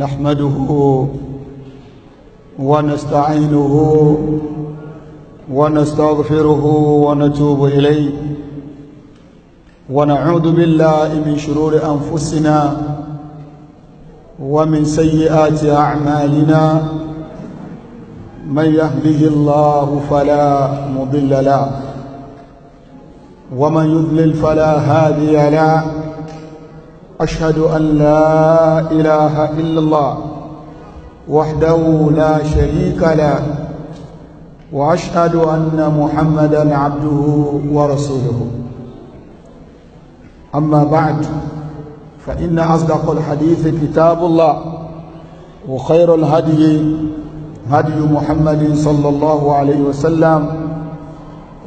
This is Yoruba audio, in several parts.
نحمده ونستعينه ونستغفره ونتوب إليه ونعوذ بالله من شرور أنفسنا ومن سيئات أعمالنا من يهده الله فلا مضل له ومن يضلل فلا هادي له أشهد أن لا إله إلا الله وحده لا شريك له وأشهد أن محمدا عبده ورسوله أما بعد فإن أصدق الحديث كتاب الله وخير الهدي هدي محمد صلى الله عليه وسلم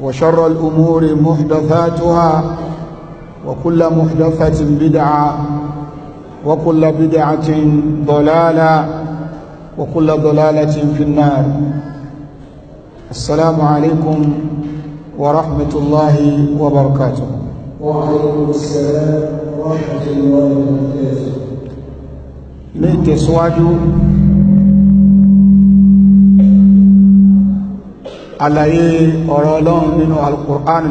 وشر الأمور محدثاتها وكل محدثة بدعة وكل بدعة ضلالة وكل ضلالة في النار السلام عليكم ورحمة الله وبركاته وعليكم السلام ورحمة الله وبركاته ní ìtẹ̀síwájú àlàyé ọ̀rọ̀ ọlọ́run nínú al-Qur'an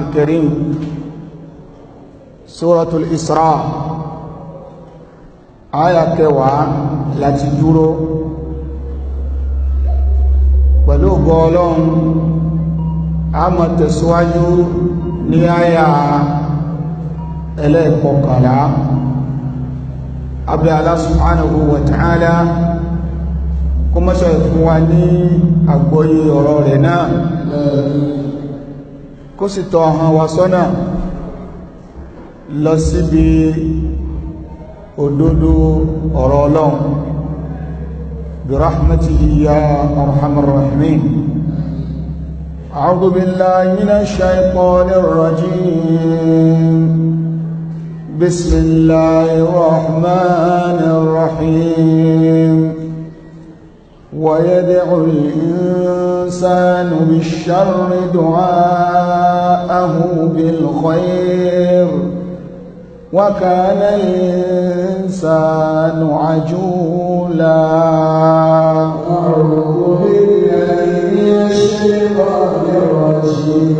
suratul isra àyà kẹwàá láti dúró pẹ̀lú ògbọ́ ọlọ́run a mọ̀ tẹ̀síwájú ní àyà ẹlẹ́ẹ̀kọkànlá abdul Allah subhanahu wa ta'ala kó mọ́ṣọ́ ìfún wa ní àgbọ́yé ọ̀rọ̀ rẹ̀ náà kó sì tọ́ ọ̀hàn lọ síbi òdodo ọ̀rọ̀ ọlọ́run birahmatihi ya arhamar rahimin أعوذ بالله من الشيطان الرجيم بسم الله الرحمن الرحيم ويدعو الإنسان بالشر دعاءه بالخير وكان الإنسان عجولا أعوذ بالله من الشيطان الرجيم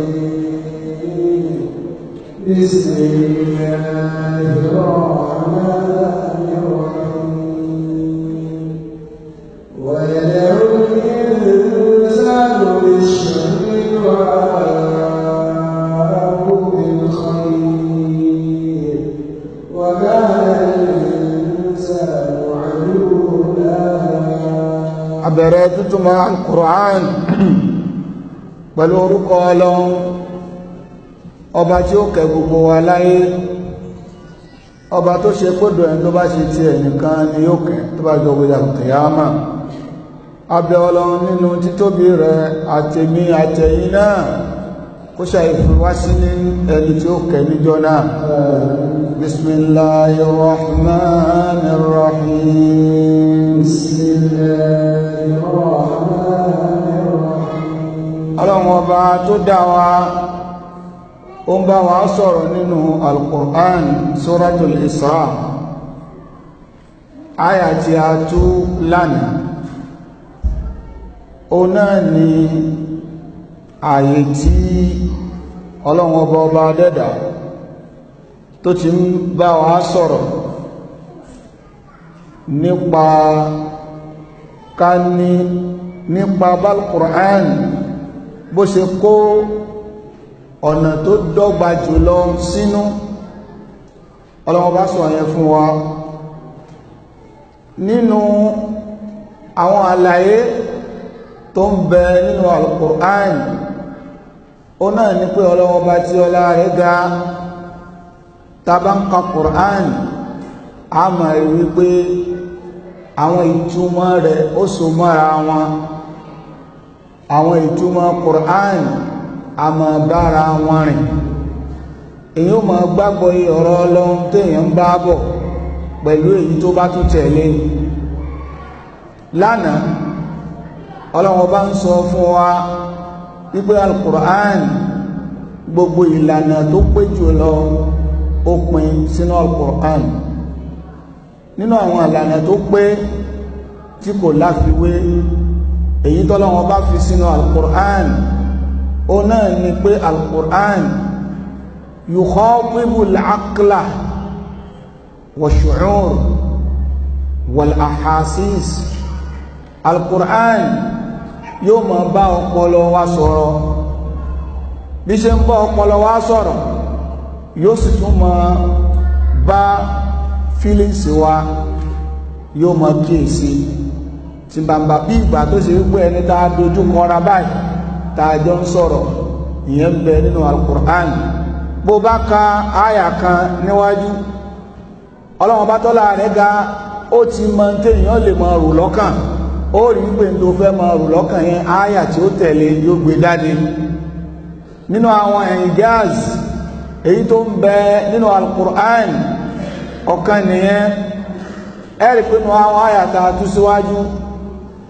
بسم الله الرحمن الرحيم ìtumọ̀ alukur'an pẹ̀lú orúkọ ọlọ́run ọba tí ó kẹ́ gbogbo wa láyé ọba tó ṣe kódò ẹni tó bá ṣe ti ẹnìkan ni yóò kẹ́ tó bá jọ gbogbo àtẹ̀yàmà abẹ́ ọlọ́run nínú títóbi rẹ̀ àtẹ̀mí àtẹ̀yìn náà kó ṣàì fún wá sí ní ẹni tí ó kẹ́ níjọ́ náà bismillahirrahmanirrahim sílẹ̀ ọlọ́run ọba tó dá wa ó ń bá wa sọ̀rọ̀ nínú alquran suratul isra àyà tí a tú lánàá ó náà ni àyè tí ọlọ́run ọba ọba dẹ́dà tó ti ń bá wa sọ̀rọ̀ nípa ká ní nípa bal quran bó ṣe kó ọ̀nà tó dọ́gba jùlọ sínú ọlọ́wọ́ bá sọ yẹn fún wa nínú àwọn àlàyé tó ń bẹ nínú Al-Qur'an ó náà ní pé ọlọ́wọ́ bá tí ọlá rẹ̀ ga tabanka Qur'an a mọ̀ rí wípé àwọn ìtumọ̀ rẹ̀ ó so mọ́ra wọn àwọn ìtumọ̀ Qur'an a máa bára wọn rìn èyí ó máa gbàgbọ́ ọ̀rọ̀ Ọlọ́run téèyàn ń bá bọ̀ pẹ̀lú èyí tó bá tún tẹ̀lé lánàá Ọlọ́run bá ń sọ fún wa wípé al gbogbo ìlànà tó pé jù lọ ó pin sínú al nínú àwọn ìlànà tó pé tí kò láfiwé èyí tọ́lọ́wọ́n bá fi sínú alukur'an ó náà ni pé alukur'an yukhatibu al-aqla wash-shu'ur wal-ahasis alukur'an yóò máa bá ọpọlọ wa sọ̀rọ̀ bí ṣe ń bá ọpọlọ wa sọ̀rọ̀ yóò sì tún máa bá fílíǹsì wa yóò máa kíyèsí. tìbàǹbà bí ìgbà tó ṣe wípé ẹni tá a dojú báyìí tá jọ ń sọ̀rọ̀ ìyẹn bẹ nínú alukur'an bó bá ka àyà kan níwájú ọlọ́wọ́n bá tọ́lá rẹ̀ ga ó ti mọ téèyàn lè mọ rò lọ́kàn ó rí wípé tó fẹ́ rò àyà tí ó tẹ̀lé yóò gbé jáde nínú àwọn èyí tó ń nínú alukur'an ọ̀kan nìyẹn ẹ̀rì pé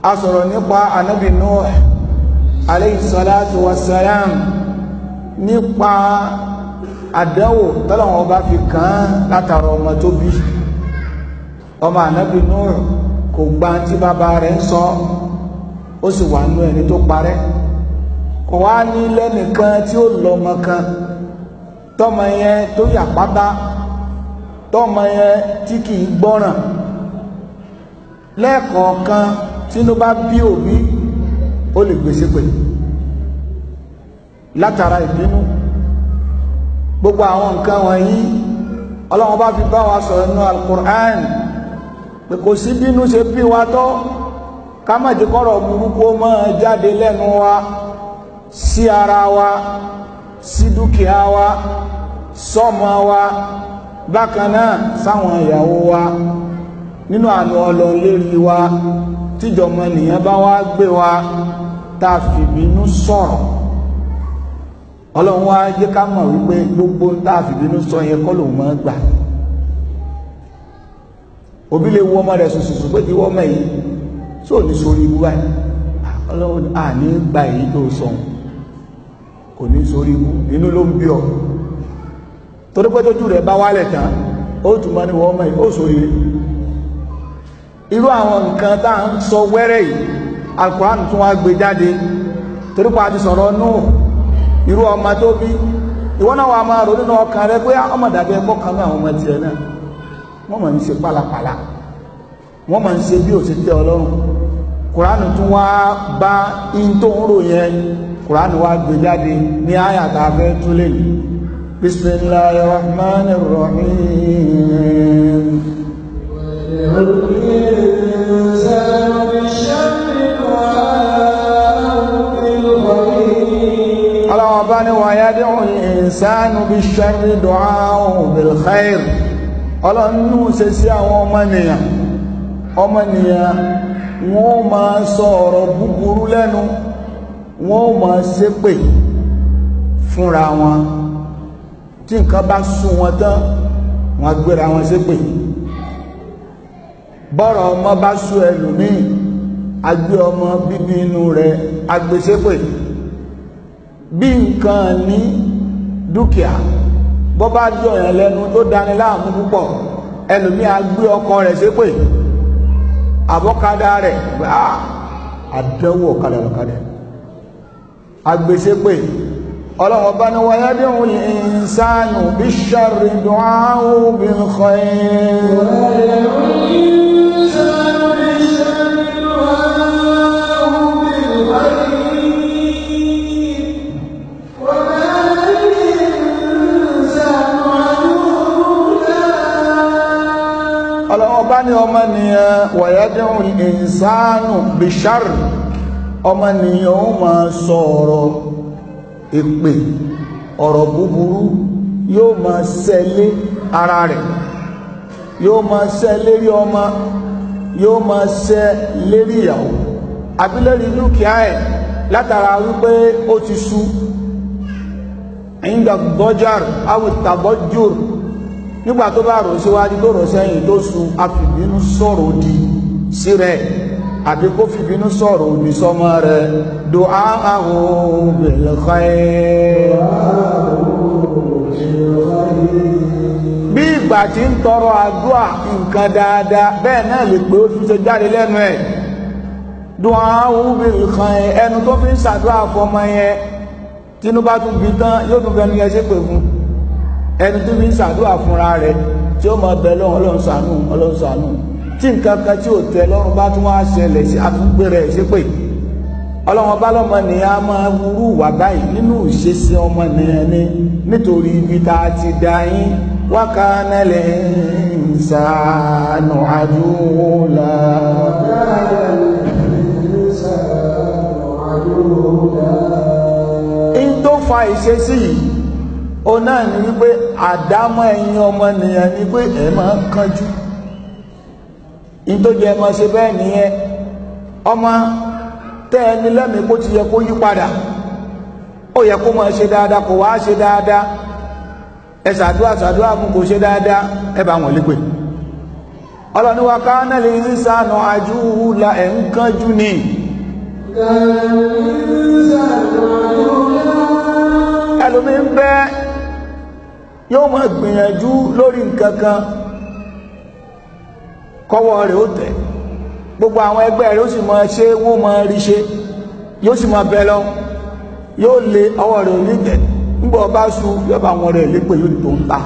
a sọ̀rọ̀ nípa anábì Nuh alayhi salatu wassalam nípa àdánwò tọ́lọ̀wọ̀n bá fi kàn án látara ọmọ tó bí ọmọ anábì Nuh kò gba tí bàbá rẹ̀ ń sọ ó sì wà nú ẹni tó parẹ́ kò wá ní lẹ́nìkan tí ó lọ́mọ kan tọ́mọ yẹn tó yà pátá tọ́mọ yẹn tí kì gbọ́ràn lẹ́ẹ̀kọ̀ọ̀kan tínú bá bí òbí ó lè gbèsè pè látara ìbínú gbogbo àwọn nǹkan wọ̀nyí ọlọ́run bá fi bá wa sọ̀rọ̀ nínú alukur'an pé kò sí bínú ṣe bí wa tọ́ ká má jẹ́ kọ́rọ̀ burúkú ó máa jáde lẹ́nu wa sí ara wa sí dúkìá wa sọ́mọ wa bákan náà sáwọn ìyàwó wa nínú àánú ọlọ́run wa tíjọmọ nìyẹn bá wá gbé wa tá a fìbínú sọ̀rọ̀ ọlọ́run wá jẹ́ ká mọ̀ wípé gbogbo tá a fìbínú sọ yẹn kọ́ lòun máa gbà òbí lè wọ ọmọ rẹ̀ sùsùsù pé kí wọ́n mọ̀ yìí tí ò ní sórí ibú báyìí ọlọ́run à ní gba èyí tó sọ̀n kò ní sórí ibú inú ló ń bí ọ torí pé tójú rẹ̀ bá wálẹ̀ tán ó tún máa ní wọ́n mọ̀ yìí ó sórí ibú irú àwọn nǹkan tá à ń sọ wẹ́rẹ́ yìí alukurani tún wá gbé jáde torí pa àti sọ̀rọ̀ nù irú ọmọ tó bí ìwọ náà wàá máa rò nínú ọkàn rẹ pé ah, ọmọ dàbí ẹgbọ́ kan náà àwọn ọmọ tiẹ̀ náà wọ́n máa ń ṣe pálapàla wọ́n máa ń ṣe bí òṣìṣẹ́ ọlọ́run kurani tún wá bá in tó ń rò yẹn kurani wá gbé jáde ní àyà tá a fẹ́ tún lè ní bismillahir rahmanir rahim ọlọ́ọ̀bá ni wà yá dé òun ìsánú bí ṣẹ́rí dọ́á bil khair ọlọ́nú ṣe sí àwọn ọmọnìyàn ọmọnìyàn wọ́n máa sọ ọ̀rọ̀ búburú lẹ́nu wọ́n máa tí nǹkan bá sún tán wọ́n gbéra wọn ṣépè bọ́rọ̀ ọmọ bá sú ẹlòmíì agbé ọmọ bíbí inú rẹ̀ agbésépè bí nǹkan ní dúkìá bọ́ bá jọ yẹn lẹ́nu tó dani láàmú púpọ̀ ẹlòmíì agbé ọkọ rẹ̀ sépè àbọ́kadà rẹ̀ gbàá ọ̀kadà ọ̀kadà agbésépè ọlọ́wọ́ bá ní wáyé bí wọ́n lè ń sáànù bí ṣàrìdùn áhùn bí ń kọ́ bá ní ọmọnìyàn wọ̀yẹ́dẹ́hùn ìsánù bishar ọmọnìyàn ó máa sọ ọ̀rọ̀ èpè ọ̀rọ̀ búburú yóò máa sẹ́lé ara rẹ̀ yóò máa sẹ́ lérí ọmọ yóò máa sẹ́ lérí ìyàwó àbí dúkìá ẹ̀ látara wípé ó ti sú ìgbàgbọ́jà awùtàbọ́jùrù nígbà tó bá rò síwájú tó rò sẹ́yìn tó su afìbínú sọ̀rọ̀ òdì sí rẹ̀ àbí kó fìbínú sọ̀rọ̀ òdì sọmọ rẹ̀ do àwọn bèlèkọ́ ẹ̀ bí ìgbà tí ń tọrọ àdúà nǹkan dáadáa bẹ́ẹ̀ náà lè pé ó tún ṣe jáde lẹ́nu ẹ̀ do àwọn bèlèkọ́ ẹ̀ ẹnu tó fi ń ṣàdúrà fọmọ yẹn tínú bá tún bí tán yóò tún fẹnu yẹn ṣépè fún un ẹni tó fi ń ṣàdúrà fúnra rẹ̀ tí ó máa bẹ lọ́wọ́ ọlọ́run ṣàánú ọlọ́run ṣàánú tí nǹkan kan tí ò tẹ́ lọ́rùn bá tún wá ṣẹlẹ̀ sí àtúgbé rẹ̀ ṣépè ọlọ́run ọba lọ́mọ nìyẹn a máa wúrú wà báyìí nínú ìṣesí ọmọ nìyẹn ni nítorí ibi tá a ti dá yín wákàánẹ́lẹ̀ ń sàánù àdúrà. ń tó fa ìṣesí yìí ó náà ní wípé àdámọ́ ẹ̀yin ọmọnìyàn ni pé ẹ máa ń kánjú nítorí ẹ máa ṣe bẹ́ẹ̀ nìyẹn ọmọ tẹ́ lẹ́mìí kó ti yẹ kó yí padà ó yẹ kó máa ṣe dáadáa kò wá ṣe dáadáa ẹ ṣàdúrà ṣàdúrà fún kò ṣe dáadáa ẹ bá wọn lépè ọlọ́ni wa ká ẹ̀ ń kánjú ni ẹlòmí yóò máa gbìyànjú lórí nǹkan kan kọ́wọ́ rẹ̀ ó tẹ̀ gbogbo àwọn ẹgbẹ́ rẹ̀ ó sì máa ṣe wọ́n máa rí ṣe yóò sì máa bẹ lọ yóò lé ọwọ́ rẹ̀ ò ní tẹ̀ nígbà ọba su yóò bá wọn rẹ̀ lépè yóò tó ń ta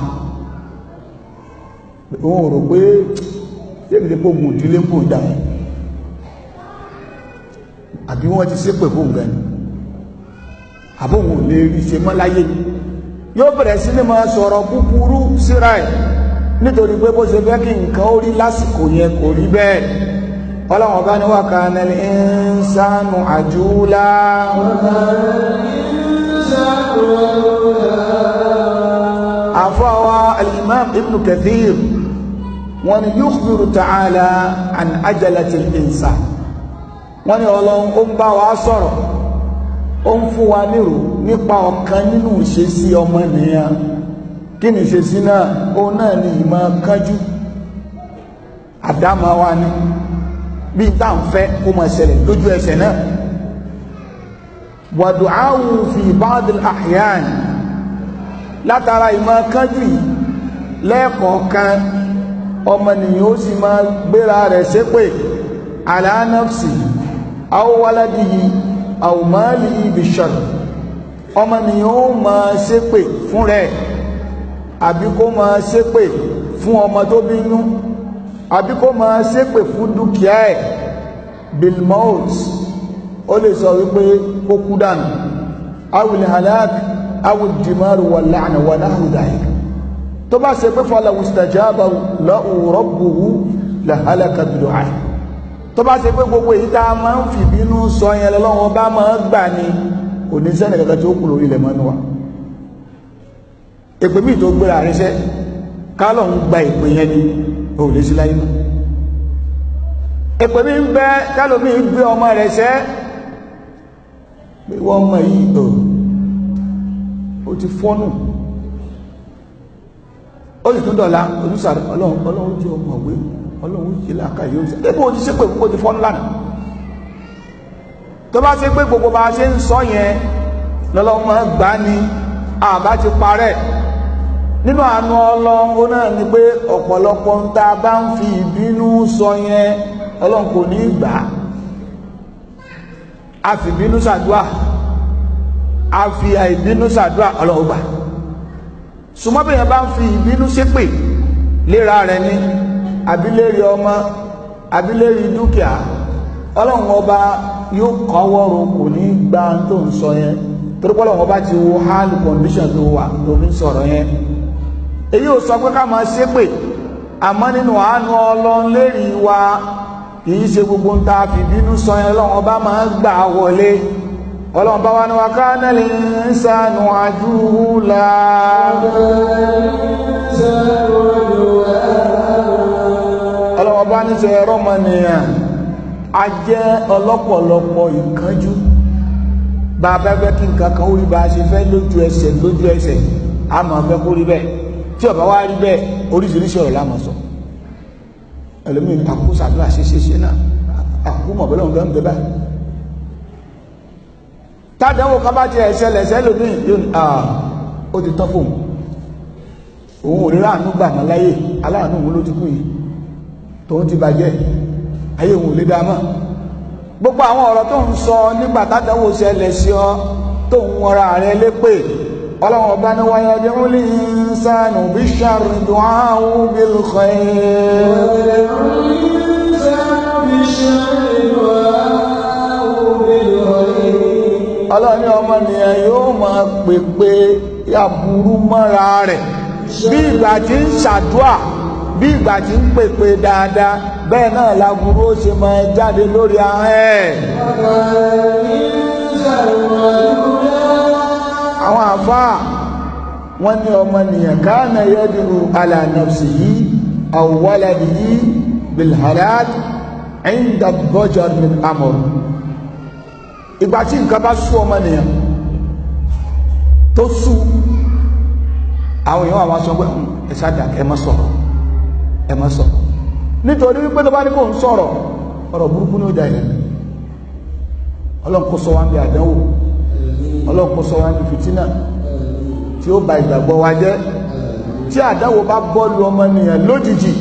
òun ò rò pé yéèmí lè gbógun ìdílé ń bò dà àbí wọ́n ti ṣépè fóun gan ni àbóhun ò lè rí ṣe mọ́ láyé ni yóò bẹ̀rẹ̀ sí ní máa sọ̀rọ̀ búburú síra ẹ̀ nítorí pé bó ṣe fẹ́ kí nǹkan ó rí lásìkò yẹn kò rí bẹ́ẹ̀ ọlọ́run ọba ní wa kana al-insanu ajula. àfọwọ́ al ibn kathir wọn ni yukhbiru ta'ala an ajalati al-insan wọn ni ọlọ́run ó ń bá wa sọ̀rọ̀ ó ń fún wa nírò nípa ọ̀kan nínú ìṣesí ọmọnìyàn kí ni ìṣesí náà ó náà ni ìmọ̀ kánjú àdámọ́ wa ni bí tá à ń fẹ́ kó máa ṣẹlẹ̀ lójú ẹsẹ̀ náà wàdù áwù fi báàdìl àhíyàn látara ìmọ̀ kánjú yìí lẹ́ẹ̀kọ̀ọ̀kan ọmọnìyàn ó sì máa gbéra rẹ̀ ṣépè àlàánáfsì àwọn wáládìí yìí àwòmáàlì ibi ṣọ̀nà ọmọ nìyàn ó máa ṣépè fún rẹ̀ àbí kó máa ṣépè fún ọmọ tó bínú àbí kó máa ṣépè fún dúkìá ẹ̀ bill mout ó lè sọ wípé kó kú dànù awil halak awil dimaru wà láàánú wà láàánú dàí tó bá ṣe pé fọlá wùsùtàjà bá lọ́wọ́ rọ́bùwù làhálà kàbìlò àìyí tó bá ṣe pé gbogbo èyí tá a máa ń fìbínú sọ yẹn lọ́wọ́ bá máa gbà ní kò ní sẹ́nì kankan tí ó kù lórí ilẹ̀ mọ́nú wa èpè míì tó gbéra àríṣẹ́ kálọ̀ ń gba èpè yẹn ni ò lè sí láyé mọ́ èpè míì ń bẹ kálọ̀ míì gbé ọmọ rẹ̀ sẹ́ pé wọ́n mọ̀ yìí ò ó ti fọ́nù ó sì tún dọ̀la olùsàrọ̀ ọlọ́run ojú ọmọ òwe ọlọ́run yìí làákà yóò ṣe débò ti ṣépè gbogbo ti fọ́ ńlá nà tó bá ṣe pé gbogbo bá ṣe ń sọ yẹn lọ́lọ́run máa gbá ni àbá ti parẹ́ nínú àánú ọlọ́run náà ni pé ọ̀pọ̀lọpọ̀ ń ta bá ń fi ìbínú sọ yẹn ọlọ́run kò ní gbà á a fi ìbínú ṣàdúà a fi àìbínú ṣàdúà ọlọ́run gbà súnmọ́ bá ń fi ìbínú ṣépè léra rẹ̀ ni. abilérí ọmọ abilérí dúkìá ọlọ́run ọba yóò kọ́wọ́ kò ní gba tó ń sọ yẹn torí ọlọ́run ọba ti wo hard condition tó wà tó fi ń yẹn èyí ò sọ pé ká máa gbogbo ń ta sọ yẹn ọba máa ń gbà wọlé ní sọ ẹ̀rọ ọmọnìyàn a jẹ́ ọlọ́pọ̀lọpọ̀ ìkánjú bá a bá fẹ́ kí nǹkan kan ó rí bá a ṣe fẹ́ lójú ẹsẹ̀ lójú ẹsẹ̀ a máa fẹ́ kó rí bẹ́ẹ̀ tí ó bá wá rí bẹ́ẹ̀ oríṣiríṣi ọ̀rọ̀ la máa sọ ẹlòmíì àkókò sàdúrà ṣe ṣe ṣe náà àkókò mọ̀bẹ́lẹ́ òun bẹ́ẹ̀ bẹ́ẹ̀ tádẹ́wò ká bá ti ẹ̀ṣẹ̀lẹ̀ sẹ́lòmí ah, ó ti tán fóun òun ò rí ráàánú gbà mọ́ láyé tòun ti bàjẹ́ ayé òun ò lè dá mọ́ gbogbo àwọn ọ̀rọ̀ tó ń sọ nígbà tádánwò ṣẹlẹ̀ sí ọ tó ń wọra rẹ lépè ọlọ́run ọba ní wáyé ọdẹ ń lè ń bí sàrùn dùn áhùn bí lùkọ́ ọlọ́ni ọmọnìyàn yóò máa pèpè aburú mọ́ra rẹ̀ bí ìgbà tí ń ṣàdúà bí ìgbà tí ń pèpè dáadáa bẹ́ẹ̀ náà laburú ó ṣe máa jáde lórí ahọ́n ẹ̀. àwọn àfáà wọ́n ní ọmọnìyàn káàna yẹ́dùnú alànàfsì yìí àwọ̀wálàdì yìí bilhalad ẹ̀yìndà bọ́jọ́ ìgbà tí nǹkan bá sú ọmọnìyàn tó sú àwọn èèyàn àwọn aṣọ pé hmm, ẹ̀ṣá dàkẹ́ mọ́ sọ̀rọ̀ ẹ má sọ nítorí wípé tó bá ní kò ń sọ̀rọ̀ ọ̀rọ̀ burúkú ní ó jà yẹn ọlọ́run kó sọ wá bí àdánwò ọlọ́run kó sọ wá bí fìtínà tí ó ba ìgbàgbọ́ wa jẹ́ tí àdánwò bá bọ́ọ̀lù ọmọnìyàn lójijì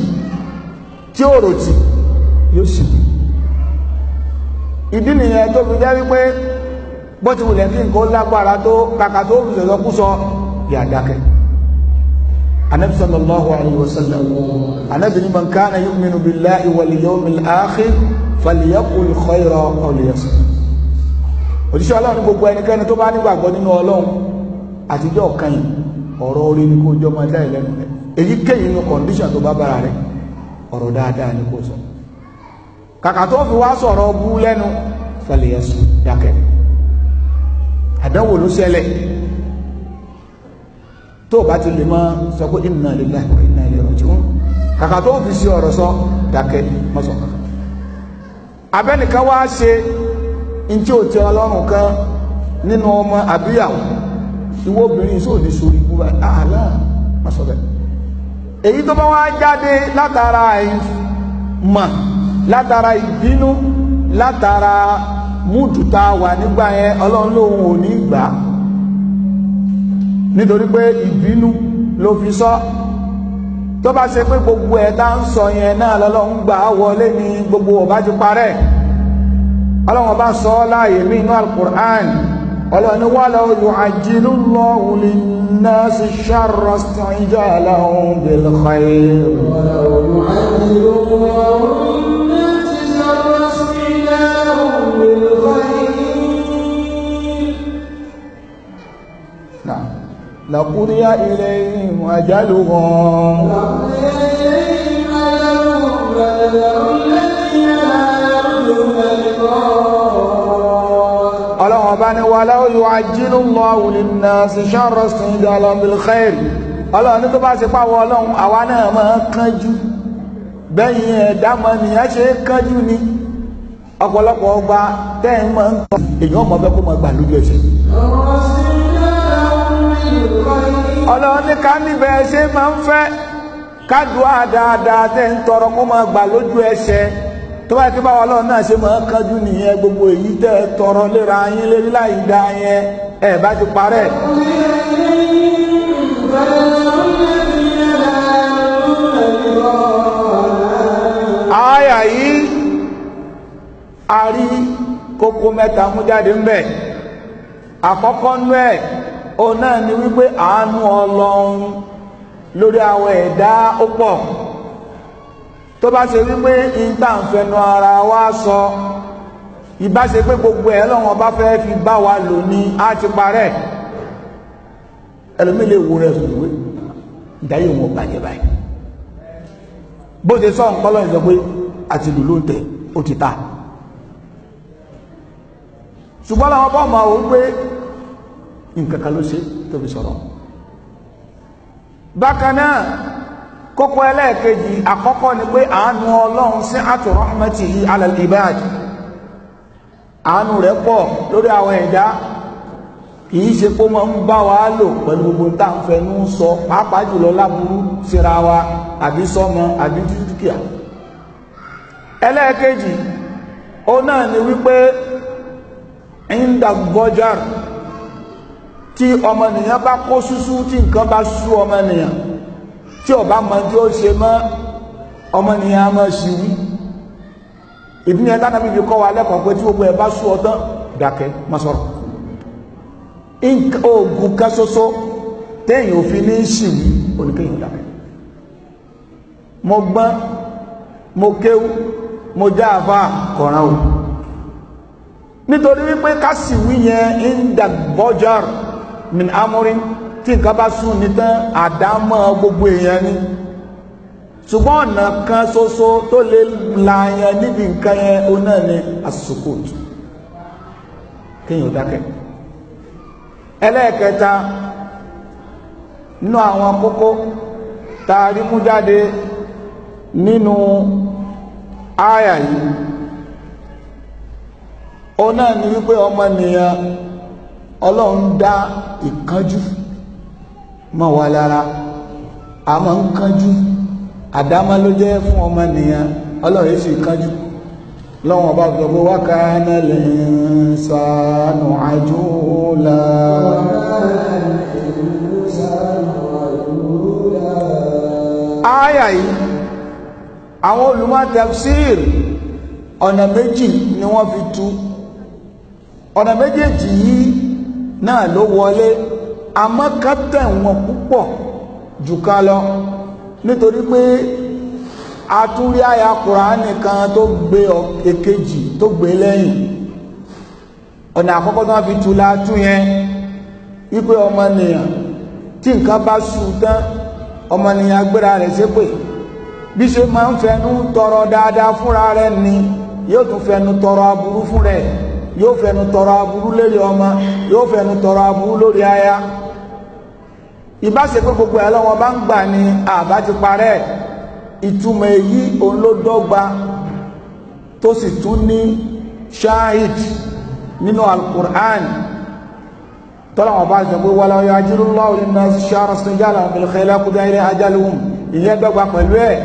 tí ó rò tì yóò sì bì ìdí nìyẹn tó fi jẹ́ wípé bó ti wùlẹ̀ nǹkan lágbára tó kàkà tó fi sọ̀rọ̀ kú sọ bí anabi sallallahu الله wa sallam anabi ni man kana yu'minu billahi wal yawmil akhir falyaqul khayran aw liyasmut òjíṣẹ́ ọlọ́run ní gbogbo ẹnikẹ́ni tó bá nígbàgbọ́ nínú ọlọ́run àtijọ́ kan yìí ọ̀rọ̀ orí ni kó jọ máa dá ìlẹ́nu rẹ̀ èyíkéyìí inú kọ̀ǹdíṣàn tó bá bára rẹ̀ ọ̀rọ̀ dáadáa ni kó sọ kàkà tó fi wá sọ̀rọ̀ bú lẹ́nu fẹlẹ̀ yẹn sùn dákẹ́ àdánwò ló ṣẹlẹ̀ tó o bá ti lè máa sọ pé inna lillahi wa inna ilayhi raji'un kàkà tó fi sí ọ̀rọ̀ sọ dákẹ́ mọ́sàn kan abẹ́nìkan wá ṣe ntí ò tẹ ọlọ́run kan nínú ọmọ àbíyàwó ìwọ obìnrin sóò ní sórí ikú bá àlá mọ́sàn bẹ́ẹ̀ èyí tó bá wá jáde látara ìmọ̀ látara ìbínú látara múdùtà wà nígbà yẹn ọlọ́run lòun ò ní gbà á nítorí pé ìbínú ló fi sọ tó bá ṣe pé gbogbo ẹ̀ tá ń sọ yẹn náà lọ́lọ́run gbà á wọlé ní gbogbo ọba ti parẹ́ ọlọ́run bá sọ láàyè mí inú alukur'an ọlọ́run ni wọ́n lọ yu'ajjilu Allahu linnasi sharra isti'jalahum bil khair. wọ́n lọ yu'ajjilu Allahu. لقضي إليهم أجلهم لقضي إليهم أجلهم فنذر الذين لا يرجون لقاء الله بني ولو يعجل الله للناس شر استعجالهم بالخير ọlọ́run ní tó bá ṣe pàwọ́ ọlọ́run àwa náà máa kánjú bẹ́yìn ẹ̀dá mọ́ ni ẹ ṣe kánjú ni ọ̀pọ̀lọpọ̀ ọgbà tẹ́ ẹ̀ máa ń tọ́ èèyàn ọmọ bẹ́ẹ̀ kó máa gbà lójú ẹsẹ̀ ọlọ́run ní ká níbẹ̀ ṣe máa ń fẹ́ kádùá dáadáa tẹ́ ń tọrọ kó máa gbà lójú ẹsẹ̀ tó bá ti bá wa lọ́nà ṣe máa kánjú nìyẹn gbogbo èyí tẹ́ tọrọ léra yín lérí láì dá yẹn ẹ̀ bá ti parẹ́. àyà yìí a rí kókó mẹ́ta mú jáde ń bẹ̀ àkọ́kọ́ nú ẹ̀ òun náà ni wípé àánú ọlọ́run lórí àwọn ẹ̀dá ó pọ̀ tó bá ṣe wípé ìtàǹfẹ̀nu ara wa sọ ìbá ṣe pé gbogbo ẹ̀ lọ́wọ́n bá fẹ́ fi bá wa lò ní á ti parẹ́ ẹlòmí lè wo rẹ̀ sùnwé ìdáyé wọn bàjẹ́ báyìí bó ṣe sọ nǹkan lọ́yìn sọ pé àti lù ló ń tẹ̀ ó ti ta ṣùgbọ́n làwọn bá àwọn pé nǹkan kan ló ṣe tó fi sọ̀rọ̀ bákan náà kókó ẹlẹ́ẹ̀kejì àkọ́kọ́ ni pé àánú ọlọ́run sí àtúrọ́mẹ́tì yìí alẹ́lẹ́bàájì àánú rẹ̀ pọ̀ lórí àwọn ẹ̀dá kìí ṣe kó mọ́ ń bá wa lò pẹ̀lú gbogbo tá à ń fẹnu sọ pàápàá jùlọ láburú síra wa àbí sọmọ àbí dúkìá ẹlẹ́ẹ̀kejì ó náà ni wípé ń dàgbọ́jà tí ọmọnìyàn bá kó susu tí nǹkan bá su ọmọnìyàn tí ọba mọ ó ṣe mọ ọmọnìyàn mọ sí wí ìdí ni dáná bíbi kọ́ wa lẹ́kọ̀ọ́ pé tí gbogbo ẹ bá sú ọ tán dákẹ́ sọ̀rọ̀ oògùn kan mo gbọ́n mo kéwú mo já àfa kọ̀ọ̀ràn o nítorí wípé ká yẹn min amurin tí nǹkan bá sùn ní tán àdámọ́ gbogbo èèyàn ni ṣùgbọ́n ọ̀nà kan ṣoṣo tó lè la yẹn níbi nǹkan yẹn ó náà ni àsùkòtù kéèyàn dákẹ́ ẹlẹ́ẹ̀kẹta nínú àwọn kókó tá a rí mú jáde nínú àyà yìí ó náà ni wípé ọmọnìyàn ọlọ́run dá ìkánjú mọ́ wa lára a máa ń kánjú àdámá ló jẹ́ fún ọmọ nìyẹn ọlọ́run yìí sì kánjú lọ́wọ́n ọba gbogbo wa kana linsanu ajula. ááyà yìí àwọn olùmọ̀ tafsir ọ̀nà méjì ni wọ́n fi tú ọ̀nà méjèèjì yìí náà ló wọlé àmọ́ captain wọn púpọ̀ jù ká lọ nítorí pé atúrí àyà kan tó gbé èkejì tó gbé lẹ́yìn ọ̀nà àkọ́kọ́ tó fi tula tú yẹn wípé ọmọnìyàn tí nǹkan bá sùn tán ọmọnìyàn agbéra rẹ̀ ṣépè bí ṣe máa ń fẹnu tọrọ dáadáa fúnra ni yóò tún fẹnu tọrọ aburú fún rẹ̀ yóò fẹnu tọrọ aburú lórí ọmọ yóò fẹnu tọrọ aburú lórí aya ìbáṣe pé gbogbo ẹ̀ lọ́wọ́ bá ń gbà ní àbá ti parẹ́ ìtumọ̀ èyí òun ló dọ́gba tó sì tún ní shahid nínú alukur'an tọ́lọ́wọ́ bá ṣe pé wala yu'ajjilullahu linnasi shahra istijalahum bil khayri qudayri ajaluhum ìyẹn dọ́gba pẹ̀lú ẹ̀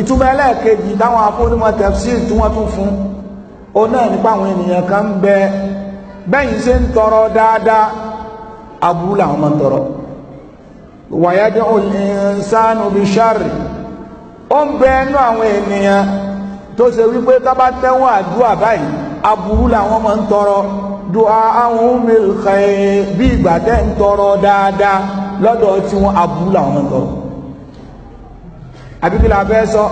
ìtumọ̀ ẹlẹ́ẹ̀kejì táwọn afọ́nímọ̀ tafsir tí wọ́n tún fún ó náà nípa àwọn ènìyàn kan ń bẹ bẹ́yìn ṣe ń tọrọ dáadáa aburú làwọn máa ń tọrọ wàyájọ́ ìsánú bí sáré ó ń bẹ ẹnu àwọn ènìyàn tó ṣe wípé tó bá tẹ́wọ́n àdúrà báyìí aburú làwọn máa ń tọrọ dùá àwọn òmìnira bí ìgbà tẹ́ ń tọrọ dáadáa lọ́dọ̀ tí wọ́n aburú làwọn máa ń tọrọ àbíkí la sọ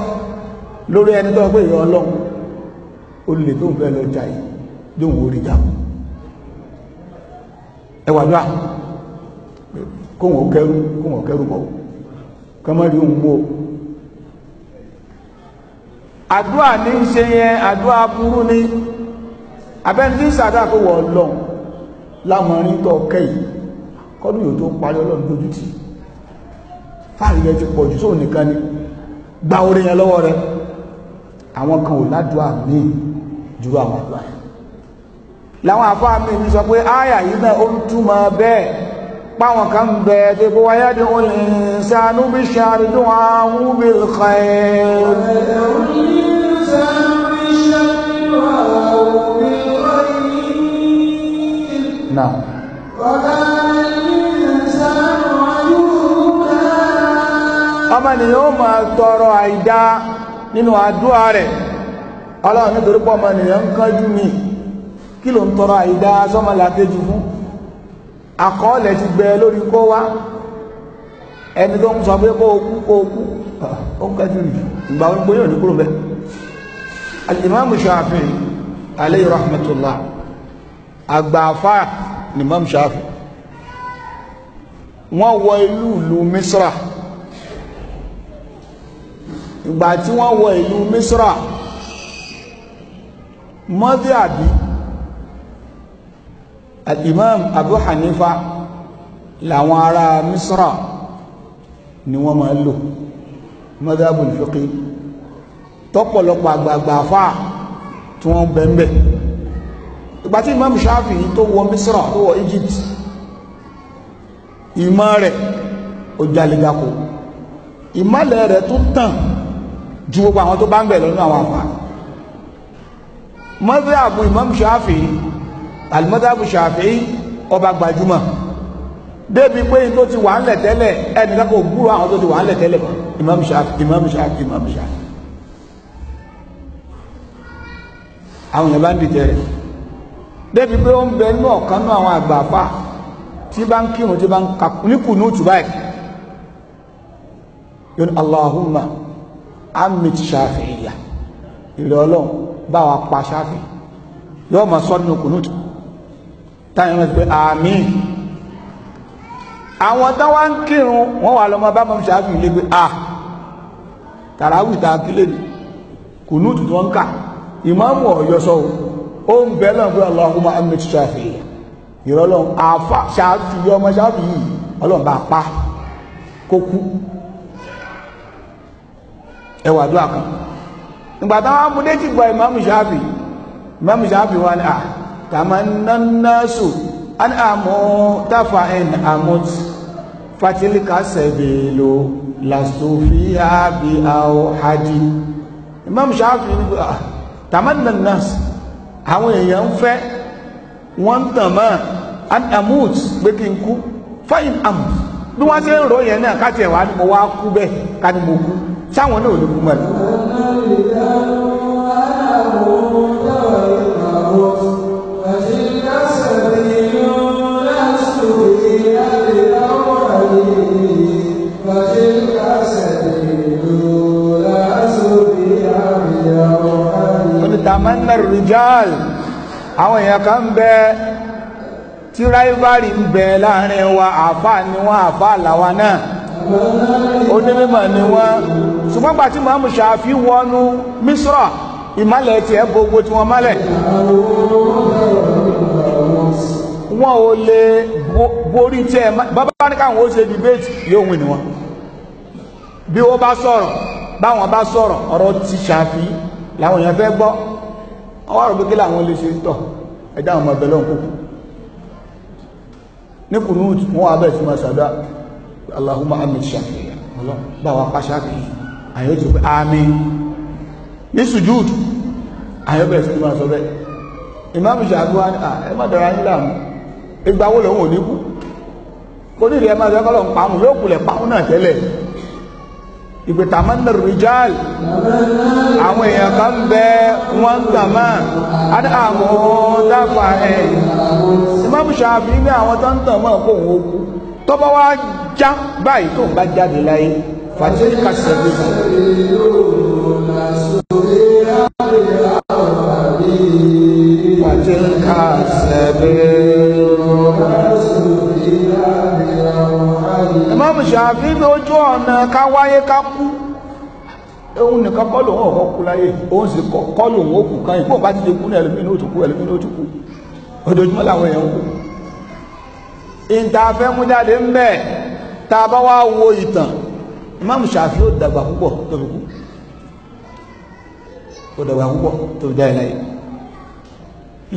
lórí ẹni tó ń pè é ọlọ́run olè tó ń fẹ́ lọ jà yìí lóhun orí jàmù ẹwà dúà kóhun ọkẹrù kóhun ọkẹrù bọ̀ kọmọdé òun mú o àdúà ní í ṣe yẹn àdúà burú ní abẹ́ni tí ń sàdá kó wọ̀ ọlọ́run láwọn orin tó ọkẹ́ yìí kọ́dún yóò tó parí ọlọ́run lójú tì fáàrí rẹ ti pọ̀ jù sóò nìkan ni gba orin yẹn lọ́wọ́ rẹ àwọn kan ò ládùá míì jùlọ àwọn àdúrà yẹn làwọn àfáà mi ní sọ pé áyà yìí náà ó ń túmọ̀ bẹ́ẹ̀ páwọn kan bẹ tí bó wáyé di ó lè sánú bí ṣàrí dùn àwọn bí kàẹ́ náà ọmọ ènìyàn ó máa tọrọ àìdá nínú àdúrà rẹ̀ ọlọ́run nítorí pọ́ ọmọ nìyàn ń kánjú mi kí ló ń tọrọ àìdá sọ́mọlàkejì fún àkọọ́lẹ̀ ti gbẹ lórí kó wá ẹni tó ń sọ pé kó okú kó okú ó ń kánjú mi ìgbà wọn gbóyè òní kúrò bẹ́ẹ̀ al-imam Shafi'i alayhi rahmatullah àgbà ni imam Shafi'i wọ́n wọ ìlú ìlú Misra ìgbà tí wọ́n wọ ìlú Misra mọ́dé àbí imam abu hanifa làwọn ará misra ni wọ́n máa lò mọ́dé abu fiqi tọ́pọ̀lọpọ̀ àgbààgbà fà tí wọ́n bẹ̀m̀bẹ̀ ìgbà tí imam shafi tó wọ misra tó wọ egypt ìmọ̀ rẹ̀ ó jalejako ìmọ̀lẹ̀ rẹ̀ tó tàn ju gbogbo àwọn tó bá ń bẹ̀ lọ́nà àwọn àfààní mọ́sáàbù imam shafi'i alimọ́sáàbù shafi'i ọba gbajúmọ̀ débi pé tó ti wà ńlẹ̀ tẹ́lẹ̀ ẹnìkan kò gbúrò àwọn tó ti wà ńlẹ̀ tẹ́lẹ̀ imam shafi'i imam shafi'i imam shafi'i àwọn yẹn bá ń dìtẹ̀ rẹ̀ débi pé ó ń bẹ náà kan náà àwọn àgbà àpá tí bá ń kírun tí bá ń kà níkùnú tù báyìí yóò ní Allahumma amit shafi'iyya ìrẹ̀ ọlọ́run bá wa pa ṣáfì yóò máa sọ nínú kùnúùtù táyọ̀ náà ti pé àmín àwọn tán wá ń kírun wọ́n wà lọ́mọ bá mọ̀ ṣáfì lé pé à ah, tàràwì tá a kílè ní kùnúùtù tó ń kà ìmáàmù ọ̀yọ́ sọ ó ń bẹ́ lọ́n pé Allahumma amí ti ṣáfì ìrọ́lọ́n àfa ṣáfì ọmọ ṣáfì yìí ọlọ́run bá pa kó kú ẹwà àdúrà kan ìgbà táwọn amúdéjì gbọ́ ìmáàmù ṣáàbì ìmáàmù ṣáàbì wa ni à ah, tàmánánásù an àmú táfà ẹn àmút fatilika sẹ̀bẹ̀lò làṣòfíà bí àwọ̀ hadi ìmáàmù ṣáàbì ni ah, tàmánánásù àwọn èèyàn ń fẹ́ wọ́n tàn mọ́ an àmút pé kí n kú fáyín àmút bí wọ́n ṣe ń ròyìn náà káti ẹ̀wà ni mo wá kú bẹ́ẹ̀ ká mo kú sáwọn náà ò ní kú mọ́ ẹ̀ rijal àwọn èèyàn kan ń bẹ tí rivalry ń bẹ láàrin wa àfáà ni wọ́n àfáà làwa náà onímọ̀ ni wọ́n ṣùgbọ́n gbà tí Imam Ṣàfi wọnú Misra ìmálẹ̀ ti ẹ̀ gbogbo tí wọ́n málẹ̀ wọn ò lè borí tí ẹ bàbá ní káwọn ó ṣe debate yóò win wọn bí wọ́n bá sọ̀rọ̀ báwọn bá sọ̀rọ̀ ọ̀rọ̀ ti Ṣàfi làwọn èèyàn fẹ́ gbọ́ ọwọ́ àrùn gbégé làwọn lè ṣe tọ̀ ẹ̀dá àwọn ọmọ ẹ̀bẹ̀ lọ́nkú ní kùnú wọn abẹ́ ti máa ṣàdá Allahumma amid shafiya bá wa pa shafiya àyè ó ti pé àmì ní sùjúùdù àyè ó bẹ̀rẹ̀ sí máa sọ bẹ́ẹ̀ ìmáàmù shafiya à ẹ má dára yín láàmú ìgbà wo lòun ò ní kú kó nílé ẹ máa sọ kọ́lọ̀ ń pa àwọn yóò kulẹ̀ pa àwọn náà tẹ́lẹ̀ ìpè tàmánà rìjáàl àwọn èèyàn kan bẹ wọn tàmá àdàmú dáfà ẹ ìmáàmù shafiya ní àwọn tó ń tàn mọ́ kó òun ó kú tọ́ba wa já báyìí tó ń bá jáde láyé fàtẹ́lì kàṣẹ́ bí fún fàtẹ́lì kàṣẹ́ bí Imam Shafi'i bí ojú ọ̀nà ká wáyé ká kú òun nìkan kọ́ lòun ọ̀kọ́ kú láyé òun sì kọ́ lòun ó kú kan yìí bó bá ti lè kú ní ẹlòmínú ó tún kú ẹlòmínú ó tún kú ojoojúmọ́ làwọn èèyàn kú ìntàfẹ́ mú jáde ń bẹ̀ tá a bá wá wo ìtàn imáàmù Ṣàfi'í ó dàgbà púpọ̀ tó fi kú ó dàgbà púpọ̀ tó fi jáde láyé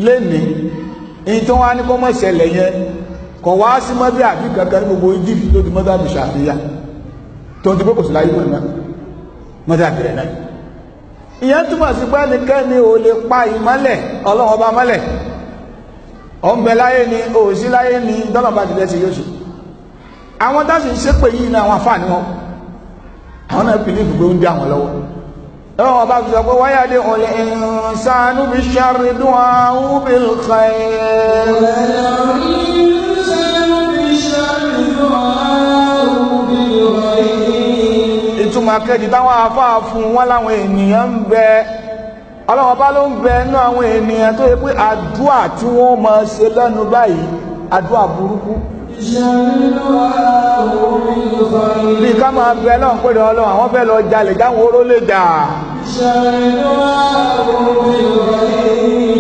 lẹ́nìí ìyí tó wá ní kó mọ̀ ṣẹlẹ̀ yẹn kò wá sí mọ́ bí àbí kankan ní gbogbo Egypt tó di mọ́tàbí Ṣàfi'í tó ti gbókòsí láyé wọn náà mọ́tàbí rẹ̀ náà ìyẹn túmọ̀ sí pé ẹnikẹ́ni ò lè pa ìmọ́lẹ̀ Ọlọ́run ọba mọ́lẹ̀ ọ̀nbẹ láyé ni òsí láyé ni dọ́là bá dìde sí yóò ṣe àwọn táṣì ń ṣépè yìí ní àwọn àfáàní wọn àwọn náà pìlì gbogbo ń dé àwọn lọ́wọ́ ẹ̀rọ wọn bá fi sọ pé wáyà dé ọ̀lẹ́ ìsànú bí sáré dùn àwọn òbí lùkọ́ ẹ̀. ìtumọ̀ akẹ́jì táwọn afáà wọn láwọn ènìyàn ń bẹ ọlọ́run ọba ló ń bẹ nínú àwọn ènìyàn tó yẹ pé àdúà tí wọ́n máa ṣe lẹ́nu báyìí àdúà burúkú bí ká máa bẹ lọ́n pèrè ọlọ́run àwọn fẹ́ lọ jalè jáwọn oró lè dà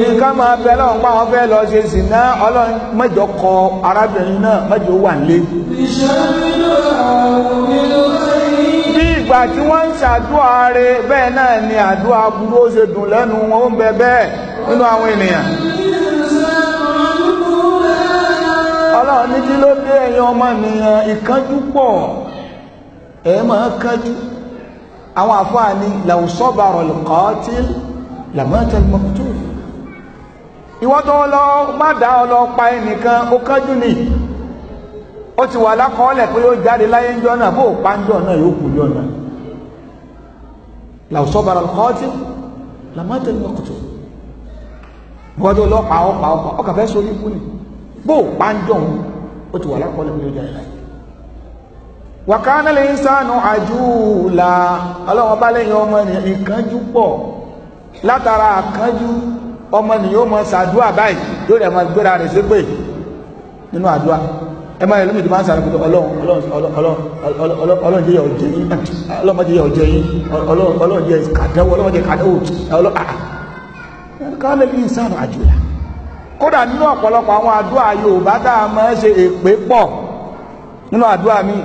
bí ká máa bẹ lọ́n pa àwọn fẹ́ lọ ṣe sì ná ọlọ́run mẹ́jọ kọ arábìnrin náà mẹ́jọ wà nílé. ìṣẹ́ nínú àwọn ọmọ mi lọ́wọ́ ìgbà tí wọ́n ń ṣàdúrà rẹ̀ bẹ́ẹ̀ náà ni àdúrà burú ó ṣe dùn lẹ́nu wọn ó ń bẹ bẹ́ẹ̀ nínú àwọn ènìyàn ọlọ́run ní kí ló dé ẹ̀yin ọmọ nìyàn ìkánjú pọ̀ ẹ̀ máa kánjú àwọn àfáà ní làwùsọ́bàrọ̀ lùkọ́tì làmọ́tẹ́ mọ́kútù ìwọ́tọ̀ ọlọ́ má dá ọlọ́ pa ẹnìkan ó kánjú nìyí ó ti wà lákọọ́lẹ̀ pé ó jáde láyé ńjọ́ náà bó pàǹjọ́ náà yóò kù jọ náà làwùsọ́bàrà kọ́ọ́tì làmọ́tẹ̀ ní ọkùtù wọ́n tó lọ́ pàọ́ pàọ́ pàọ́ ọkà fẹ́ sórí fún ni bó pàǹjọ́ òun ó ti wà lákọọ́lẹ̀ pé ó jáde láyé wàkánà lè ń ọlọ́wọ́n bá lẹ́yìn ọmọ ìkánjú pọ̀ látara àkánjú ọmọ nìyó mọ sàdúà báyìí lórí ẹ̀mọ gbéra rẹ̀ sí pé nínú àdúà ẹ máa ẹlòmíì tó máa ń sàrẹ́ pé ọlọ́run ọlọ́run jẹ́ ọ̀jẹ̀ yín ọlọ́run jẹ́ ọ̀jẹ̀ yín ọlọ́run jẹ́ kàdẹ́wọ̀ ọlọ́run jẹ́ kàdẹ́wọ̀ ọlọ́run káàlẹ̀ bí nsàrù àjòyà kódà nínú ọ̀pọ̀lọpọ̀ àwọn àdúrà Yorùbá tá a máa ń ṣe èpè pọ̀ nínú àdúrà mi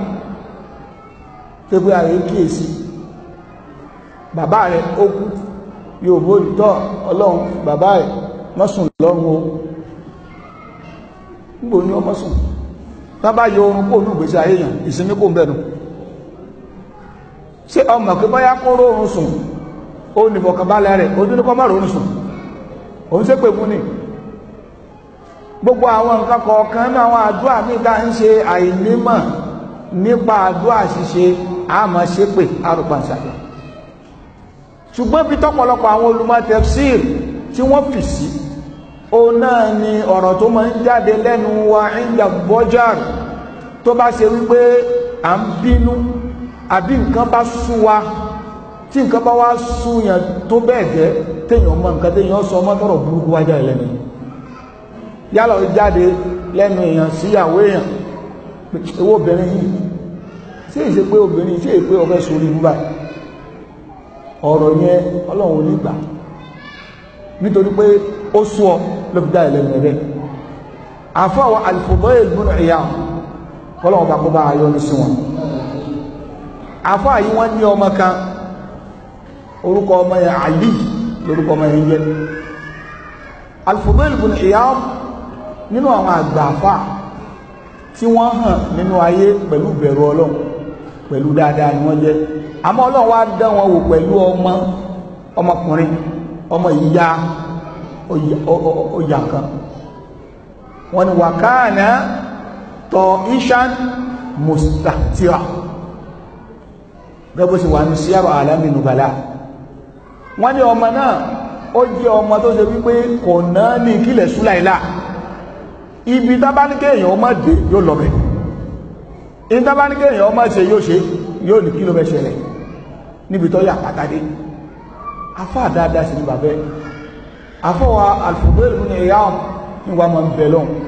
pépé ààrẹ kíyèsí bàbá rẹ̀ ó kú Yorùbá olùtọ́ ọlọ́run bàbá rẹ̀ mọ́sùn lọ́rùn o ń ọmọ sùn tán bá yọ oorun kó olúgbèsè ayé yàn ìsinmi kò ń bẹnu ṣé ọmọ pé bóyá kó rórun sùn ó nìfọ̀kànbalẹ̀ rẹ̀ ojú ní kọ́ mọ́ rórun sùn òun ṣépè fún ni gbogbo àwọn nǹkan kọ̀ọ̀kan ní àwọn àdúrà míì tá ń ṣe àìnímọ̀ nípa àdúrà ṣíṣe àmọ́ ṣépè arúgbàṣàyà ṣùgbọ́n bí tọ́pọ̀lọpọ̀ àwọn olùmọ̀ tafsir tí wọ́n fi sí o náà ni ọ̀rọ̀ tó máa ń jáde lẹ́nu wa inda bọ́jàr tó bá ṣe wípé à ń bínú àbí nǹkan bá sú wa tí nǹkan bá wá sú yàn tó bẹ́ẹ̀ gẹ́ téèyàn mọ nǹkan téèyàn sọ ọmọ tọrọ burúkú wá jáde lẹ́nu jáde lẹ́nu èèyàn síyàwó èèyàn owó obìnrin yìí pé obìnrin sórí ọ̀rọ̀ yẹn ọlọ́run ò ní ó sú ọ ló fi dá ìlẹ́nu rẹ̀ àfọwọ́ Al-Fudayl ibn Iyad kọ́lọ́ ọba kó bá ayọ́ ní sí wọn àfọ àyí wọn ní ọmọ kan orúkọ ọmọ yẹn Ali lórúkọ ọmọ yẹn jẹ Al-Fudayl ibn Iyad nínú àwọn àgbà àfà tí wọ́n hàn nínú ayé pẹ̀lú bẹ̀rù ọlọ́run dáadáa ni wọ́n jẹ́ àmọ́ ọlọ́run wá dán wọn wò pẹ̀lú ọmọ ọmọkùnrin ọmọ ìyá ọjà kan wọ́n ni wàkánà tọ ishan mustatira gẹ́gbẹ́ sí wà ní síyàrọ̀ àlámì nùbàlá wọ́n ni ọmọ náà ó jẹ́ ọmọ tó ṣe wípé kò náà ní ìkílẹ̀ súláìlá ibi tábánikẹ́ èèyàn ọmọ dé yóò lọ́bẹ̀ ibi tábánikẹ́ èèyàn ọmọ ṣe yóò ṣe yóò ní kílò mẹ́ṣẹ̀lẹ̀ níbi tó yà pàtàdé afá dáadáa sí ní bàbẹ́ àfọwà alfudel ní ẹ̀yà nígbà máa ń bẹ̀ lọ́hùn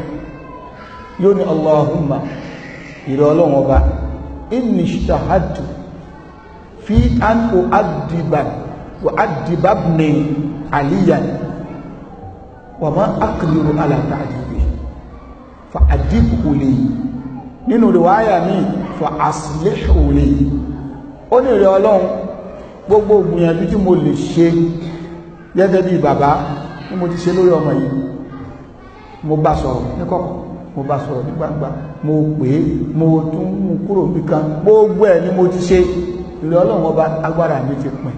yóò ní allahumma ìrẹ̀ ọlọ́run ọba inni ṣahadu fi an o adiba o adiba ne aliyan wa ma akadiru ala ta'adibi fa adibu ole nínú riwaya mi fa asilihu ole ó ní ìrẹ̀ ọlọ́run gbogbo gbìyànjú tí mo lè ṣe gẹ́gẹ́ bí bàbá ní mo ti ṣe lórí ọmọ yìí mo bá sọ̀rọ̀ ní kọ̀kọ̀ mo bá sọ̀rọ̀ ní gbangba mo pè é mo tún mú kúrò nìkan gbogbo ẹ̀ ni mo ti ṣe ìrẹ́ ọlọ́run ọba agbára mi ti pin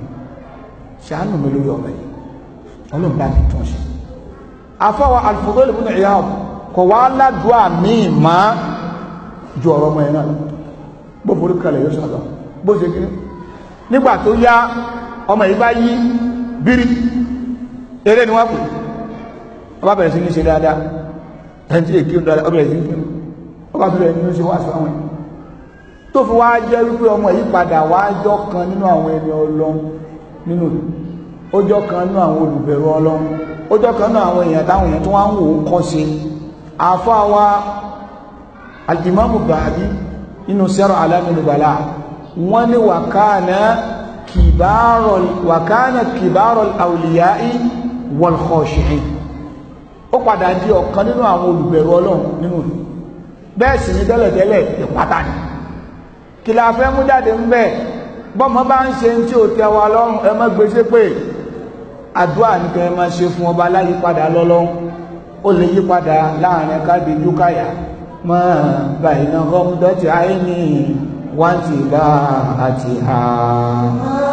ṣàánú mi lórí ọmọ yìí ọlọ́run bá mi tún ṣe afọwọ́ Al-Fudayl ibn Iyad kò wá ládùá míì má ju ọ̀rọ̀ ọmọ yẹn náà bó forí kalẹ̀ yóò ṣàlọ́ bó ṣe kiri nígbà tó yá ọmọ yìí bá yí bírí eré ni wọ́n pè ọba bẹ̀rẹ̀ sí ní ṣe dáadáa tẹ́ntì èké ń dáadáa ọbẹ̀rẹ̀ sí ní ọba bẹ̀rẹ̀ ní ṣe wá sáwọn yìí tó fi wá jẹ́ wípé ọmọ yìí padà wá jọ́ kan nínú àwọn ẹni ọlọ́run nínú ó jọ́ kan nínú àwọn olùbẹ̀rù ọlọ́run ó jọ́ kan nínú àwọn èèyàn táwọn èèyàn tó wá ń wò ó kọ́ sí àfọ́ àwa alimamu bàbí nínú sẹ́rọ̀ alámìlúbalà wọ́n ní wàkánà kìbárọ̀ wàkánà kìbárọ̀ àwùlíyá yìí wal khashi'in ó padà di ọ̀kan nínú àwọn olùbẹ̀rù ọlọ́run nínú ìlú bẹ́ẹ̀ sì ni tẹ́lẹ̀tẹ́lẹ̀ ìpátá ni kí la fẹ́ mú jáde ń bẹ́ẹ̀ bọ́mọ bá ń ṣe tí ò tẹ wa lọ́rùn ẹ má gbé ṣépè àdúrà nìkan ẹ má ṣe fún ọba láyípadà lọ́lọ́run ó lè yípadà láàrin kábí dúkàyà mọ́ bàyìí náà gọ́mùdọ́tì àìní wáǹtì bá àti àà.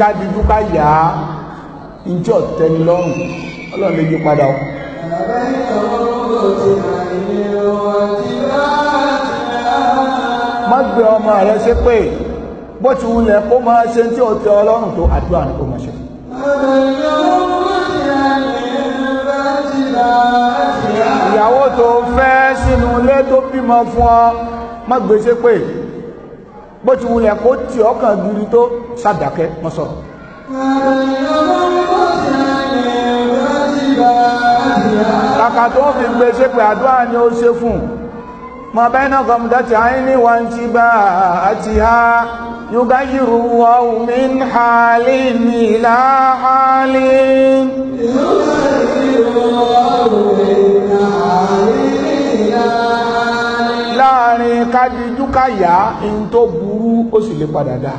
ká dijú ká yà á njẹ́ ọ̀tẹ́ni lọ́rùn ọlọ́run lè yí padà o. má gbé ọmọ rẹ ṣépè bó ti wulẹ̀ kó máa ṣe tí ó tẹ́ ọlọ́run tó àdúrà ní kó máa ṣe. ìyàwó tó fẹ́ sínú ilé tó bímọ fún ọ má gbé ṣépè bó ti wulẹ̀ kó tì ọkàn gírí tó sàdákẹ́ mọ́ sọ̀rọ̀. kàkà tó fi gbé ṣépè àdúrà ni ó ṣe fún mọ bẹ́ẹ̀ náà kọ́mùtà tí a ní wọ́n ti bá àti ha yugayiru wọ́n min halin ila halin. yugayiru wọ́n min halin. láàrin kájíjú káyà in tó burú ó sì lè padà dá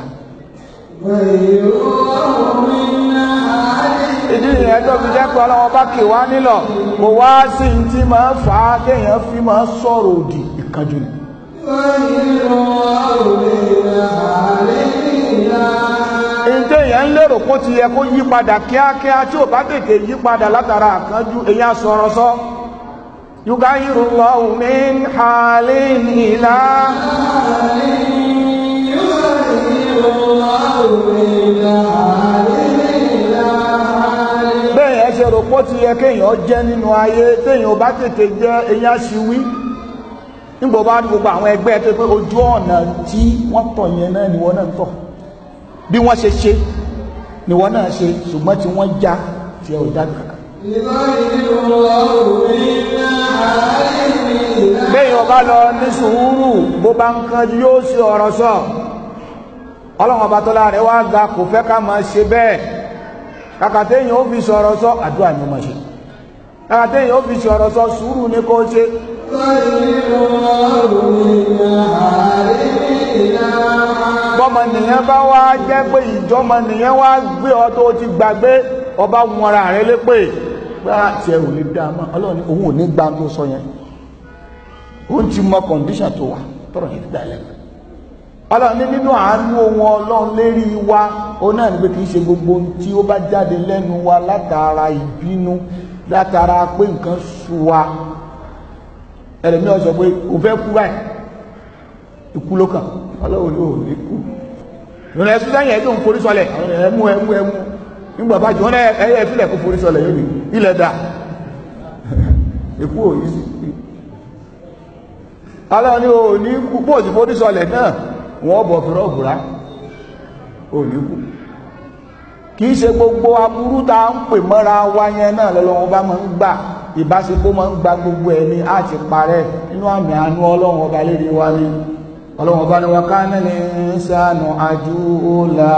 ìdí ìyẹn tó fi jẹ́ pé ọlọ́wọ́ bá kì wá nílọ̀ kò wá sí tí máa ń fà á kéèyàn fi máa sọ̀rọ̀ òdì ìkanjú ni ìdí ń lérò kó ti yẹ kó yí padà kíákíá tí ò bá tètè yí padà látara sọ يغير الله من حال إلى bẹ́ẹ̀ ẹsẹ̀ rò pọ́ ti yẹ kéèyàn jẹ́ nínú ayé téèyàn bá tètè jẹ́ eyín aṣíwí nígbò bá rí gbogbo àwọn ẹgbẹ́ tó pé ojú ọ̀nà tí wọ́n tọ̀ yẹn náà ni wọ́n náà tọ̀ bí wọ́n ṣe ṣe ni wọ́n náà ṣe ṣùgbọ́n tí wọ́n já tí ẹ ò dá bẹ́yìn ọba lọ ní sùúrù bó bá ń yóò sí ọ̀rọ̀ sọ ọlọ́run ọba tọ́lá ga kò fẹ́ ká máa ṣe bẹ́ẹ̀ kàkàtẹ́ èyàn ó fi sọ̀rọ̀ sọ àdúrà ni ó máa ṣe kàkàtẹ́ ó fi sọ̀rọ̀ sọ sùúrù ní kó ṣe bọ́mọ bá wá jẹ́ pé wá gbé ọ tó ti ọba wọn ara gbá tí ẹ ò lè dá mọ́ ọlọ́run ní òun ò ní gbá tó sọ yẹn òun ti mọ kọ̀ǹdíṣàn tó wà tọ̀rọ̀ yìí ti dá ẹlẹ́gbẹ̀ẹ́ ọlọ́run ní nínú àánú ohun ọlọ́run lérí wa òun náà ní pé kì í ṣe gbogbo tí ó bá jáde lẹ́nu wa látara ìbínú látara pé nǹkan sú wa ẹlẹ́mi ọ̀sọ̀ pé o fẹ́ kú báyìí ikú ló kàn ọlọ́run ní òun ní kú lọ́nà ẹ̀sùn sẹ́yìn ẹ̀dùn forí sọlẹ̀ ẹ̀mú ẹ̀mú ẹ̀mú nígbà bá jọ ẹyẹ ìfilẹ̀ kó forí sọlẹ̀ yóò ní ilẹ̀ dà èkú òyìn sí alẹ́ ní o ní kú bó ti forí sọlẹ̀ náà wọ́n bọ̀ fẹ́rọ̀ bùrá ò ní kú kì í ṣe gbogbo aburú tá à ń pè mọ́ra wa yẹn náà lọ́lọ́wọ́n bá máa ń gbà ìbáṣepọ̀ máa ń gba gbogbo ẹni á ti parẹ́ nínú àmì àánú ọlọ́run ọba lérí wa ni ọlọ́run ọba ni wa ká náà ní sànù àjúlá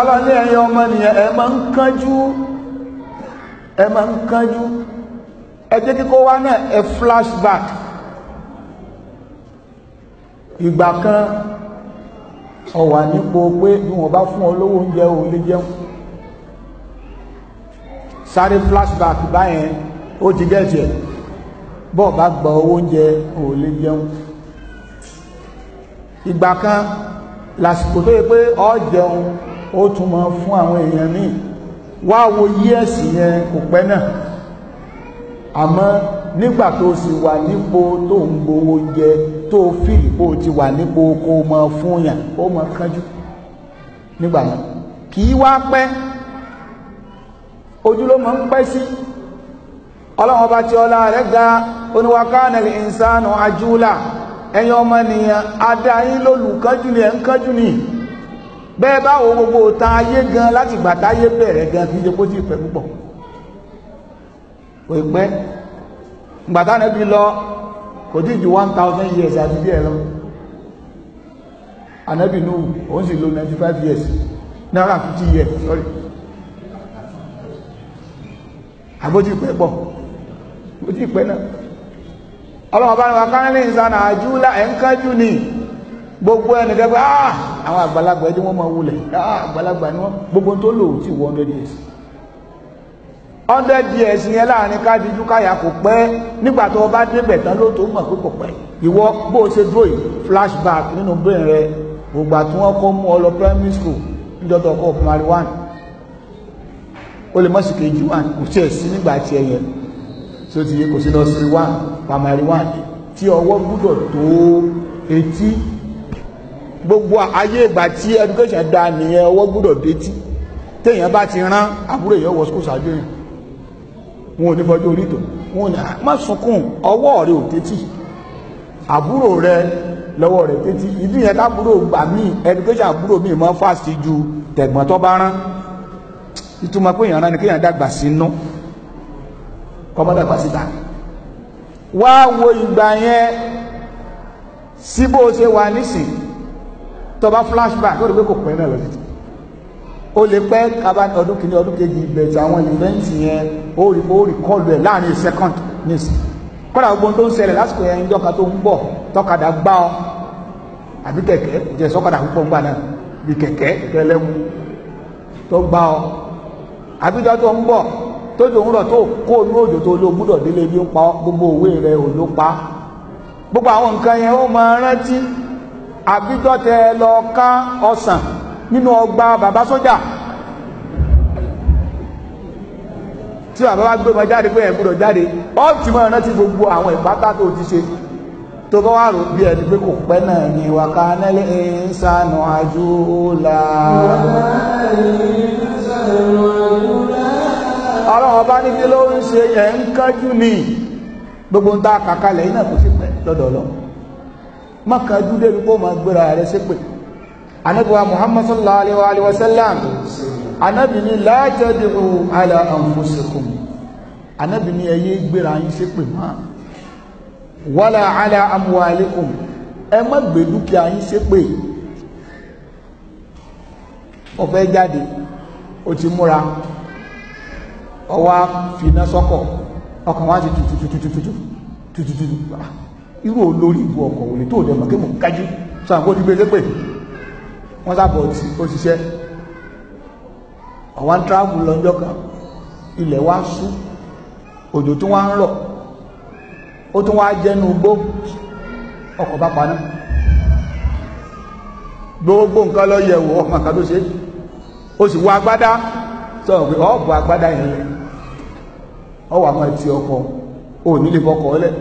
ọlọ́ni ẹ̀yin ọmọ nìyẹn ẹ máa ń kánjú ẹ máa ń kánjú ẹ jẹ́ wá náà ẹ flashback ìgbà kan ó wà nípò pé bí wọ́n bá fún ọ oúnjẹ ò lè jẹun sáré flashback báyẹn ó ti gẹ̀ẹ́jẹ̀ bọ́ọ̀ bá gba owó oúnjẹ ò lè jẹun ìgbà kan lásìkò tó yẹ pé ọ jẹun ó tún mọ fún àwọn èèyàn míì wá wo yíẹ̀sì yẹn kò pẹ́ náà àmọ́ nígbà tó sì wà nípo tó ń gbowó jẹ tó fìlì bó ti wà nípo kó mọ fún yàn ó mọ kánjú nígbà náà kì í wá pẹ́ ojú ló mọ̀ ń pẹ́ sí ọlọ́run ọba tí ọlá rẹ̀ ga oníwàkánẹ̀lì ìsánù ajúlà ẹ̀yin ọmọ nìyàn adáyín lólùkánjú ni ẹ̀ ń kánjú ni bẹ́ẹ̀ bá wo gbogbo ta ayé gan láti gbà táyé bẹ̀rẹ̀ gan kì í ṣe kó tí ì pẹ́ púpọ̀ kò pẹ́ gbàtà nẹ́bí lọ kò tí ju one thousand years àti díẹ̀ lọ ànẹ́bí nù òun sì lo ninety five years náírà fifty years sorry àbójú ìpẹ́ pọ̀ àbójú ìpẹ́ náà ọlọ́wọ́n bá ní wa káńlẹ̀ ìsànà àjúlá ẹ̀ńkájú ni gbogbo ẹni kẹfẹ́ ah àwọn àgbàlagbà ẹni wọ́n máa wulẹ̀ ah àgbàlagbà ni wọ́n gbogbo tó lò tí wọ́n hundred years hundred years yẹn láàrin kájíjú káyà kò pẹ́ nígbà tó o bá débẹ̀ tán ló tó mọ̀ pé kò pẹ́ ìwọ bó o ṣe dúró yìí flashback nínú brain rẹ gbogbo tí wọ́n kọ́ mú ọ lọ primary school níjọ́tọ̀ ọkọ̀ primary one o lè mọ̀ sí kejì one kò tiẹ̀ sí nígbà tiẹ̀ yẹn tó ti yé kò sí nọ́ọ̀sì wá pàmàrí wá tí ọwọ́ gbúdọ̀ tó etí gbogbo ayé ìgbà tí education dá nìyẹn ọwọ́ gbúdọ̀ détí téèyàn bá ti rán àbúrò èèyàn wọ skul ṣáájú yẹn wọn ò ní fọjú orí tó wọn ò ní ah, má sunkún ọwọ́ rẹ ò tétí àbúrò rẹ lọ́wọ́ rẹ̀ títí ìdí yẹn tábúrò gbà mí education àbúrò mi mọ́ fásitì ju tẹ̀gbọ́n tó bá rán ìtumọ̀ pé èèyàn rán ni kéèyàn dàgbà sínú. No kọ́mọ́dàgbà síta wá wo ìgbà yẹn sí bó ṣe wà nísìn tó bá flashback ó rí pé kò pẹ́ náà lọ́dún o lè pẹ́ kaba ọdún kìíní ọdún kejì ìbẹ̀tì àwọn ìfẹ́ǹtì yẹn ó rí ó rí kọ́ọ̀lù ẹ̀ láàrin second nísìn kọ́dà gbogbo tó ń ṣẹlẹ̀ lásìkò yẹn ń jọ́ka tó ń bọ̀ tọ́kadà gbá ọ àbí kẹ̀kẹ́ jẹ́ sọ́kadà púpọ̀ ńgbà náà bí kẹ̀kẹ́ kẹlẹ́mú tó gbá ọ àbíjọ́ tó ń bọ̀ tójò ń rọ̀ tó kó inú òjò tó ló gbúdọ̀ délé bí ó pa gbogbo òwe rẹ̀ ò ló pa gbogbo àwọn nǹkan yẹn ó máa rántí àbíjọ́tẹ lọ ká ọsàn nínú ọgbà bàbá sójà tí bàbá bá gbé ọmọ jáde pé ẹ̀ gbúdọ̀ jáde ó ti máa rántí gbogbo àwọn ìpátá tó ti ṣe tó bá wà rò bí ẹni pé kò pẹ́ náà ni wàká nẹ́lẹ́ ń sànù àjò ó la. wàá sànù àjò ọlọ́run ọba níbi ló ń ṣe ẹ̀ ń kánjú ní gbogbo ń ta kàkalẹ̀ iná kò sí pẹ̀ lọ́dọọlọ́ mọ́kànjú débi kó máa gbéra rẹ̀ sí pé anábíwá muhammad sallallahu alaihi wa sallam anábì ní la tad'u ala anábì ní ẹyẹ gbéra yín sí pé máa wala ala amwalikum ẹ má gbé dúkìá yín sí pé ó jáde ó ti múra ọwọ́ fìná sọ́kọ̀ ọkàn wá ti tutututututu tutututu ah, irú olórí ìbú ọkọ̀ òní tó dẹ̀ mọ̀kí mọ̀ kájú sàǹkó ti gbé lépè wọ́n sábọ̀ òṣìṣẹ́ ọ̀wá ń tíráàbù lọ́jọ́ kan ilẹ̀ wá sú òjò tó wá ń rọ̀ ó tún wá jẹ́nu gbó ọkọ̀ bá paná gbogbo nǹkan lọ yẹ̀wò ọmọ kan tó ṣe ó sì wọ agbádá sọ pé ọ̀bọ̀ agbádá yẹn ọwọ́ àmọ́ ti ọkọ ò nílé fọkọ ọlẹ̀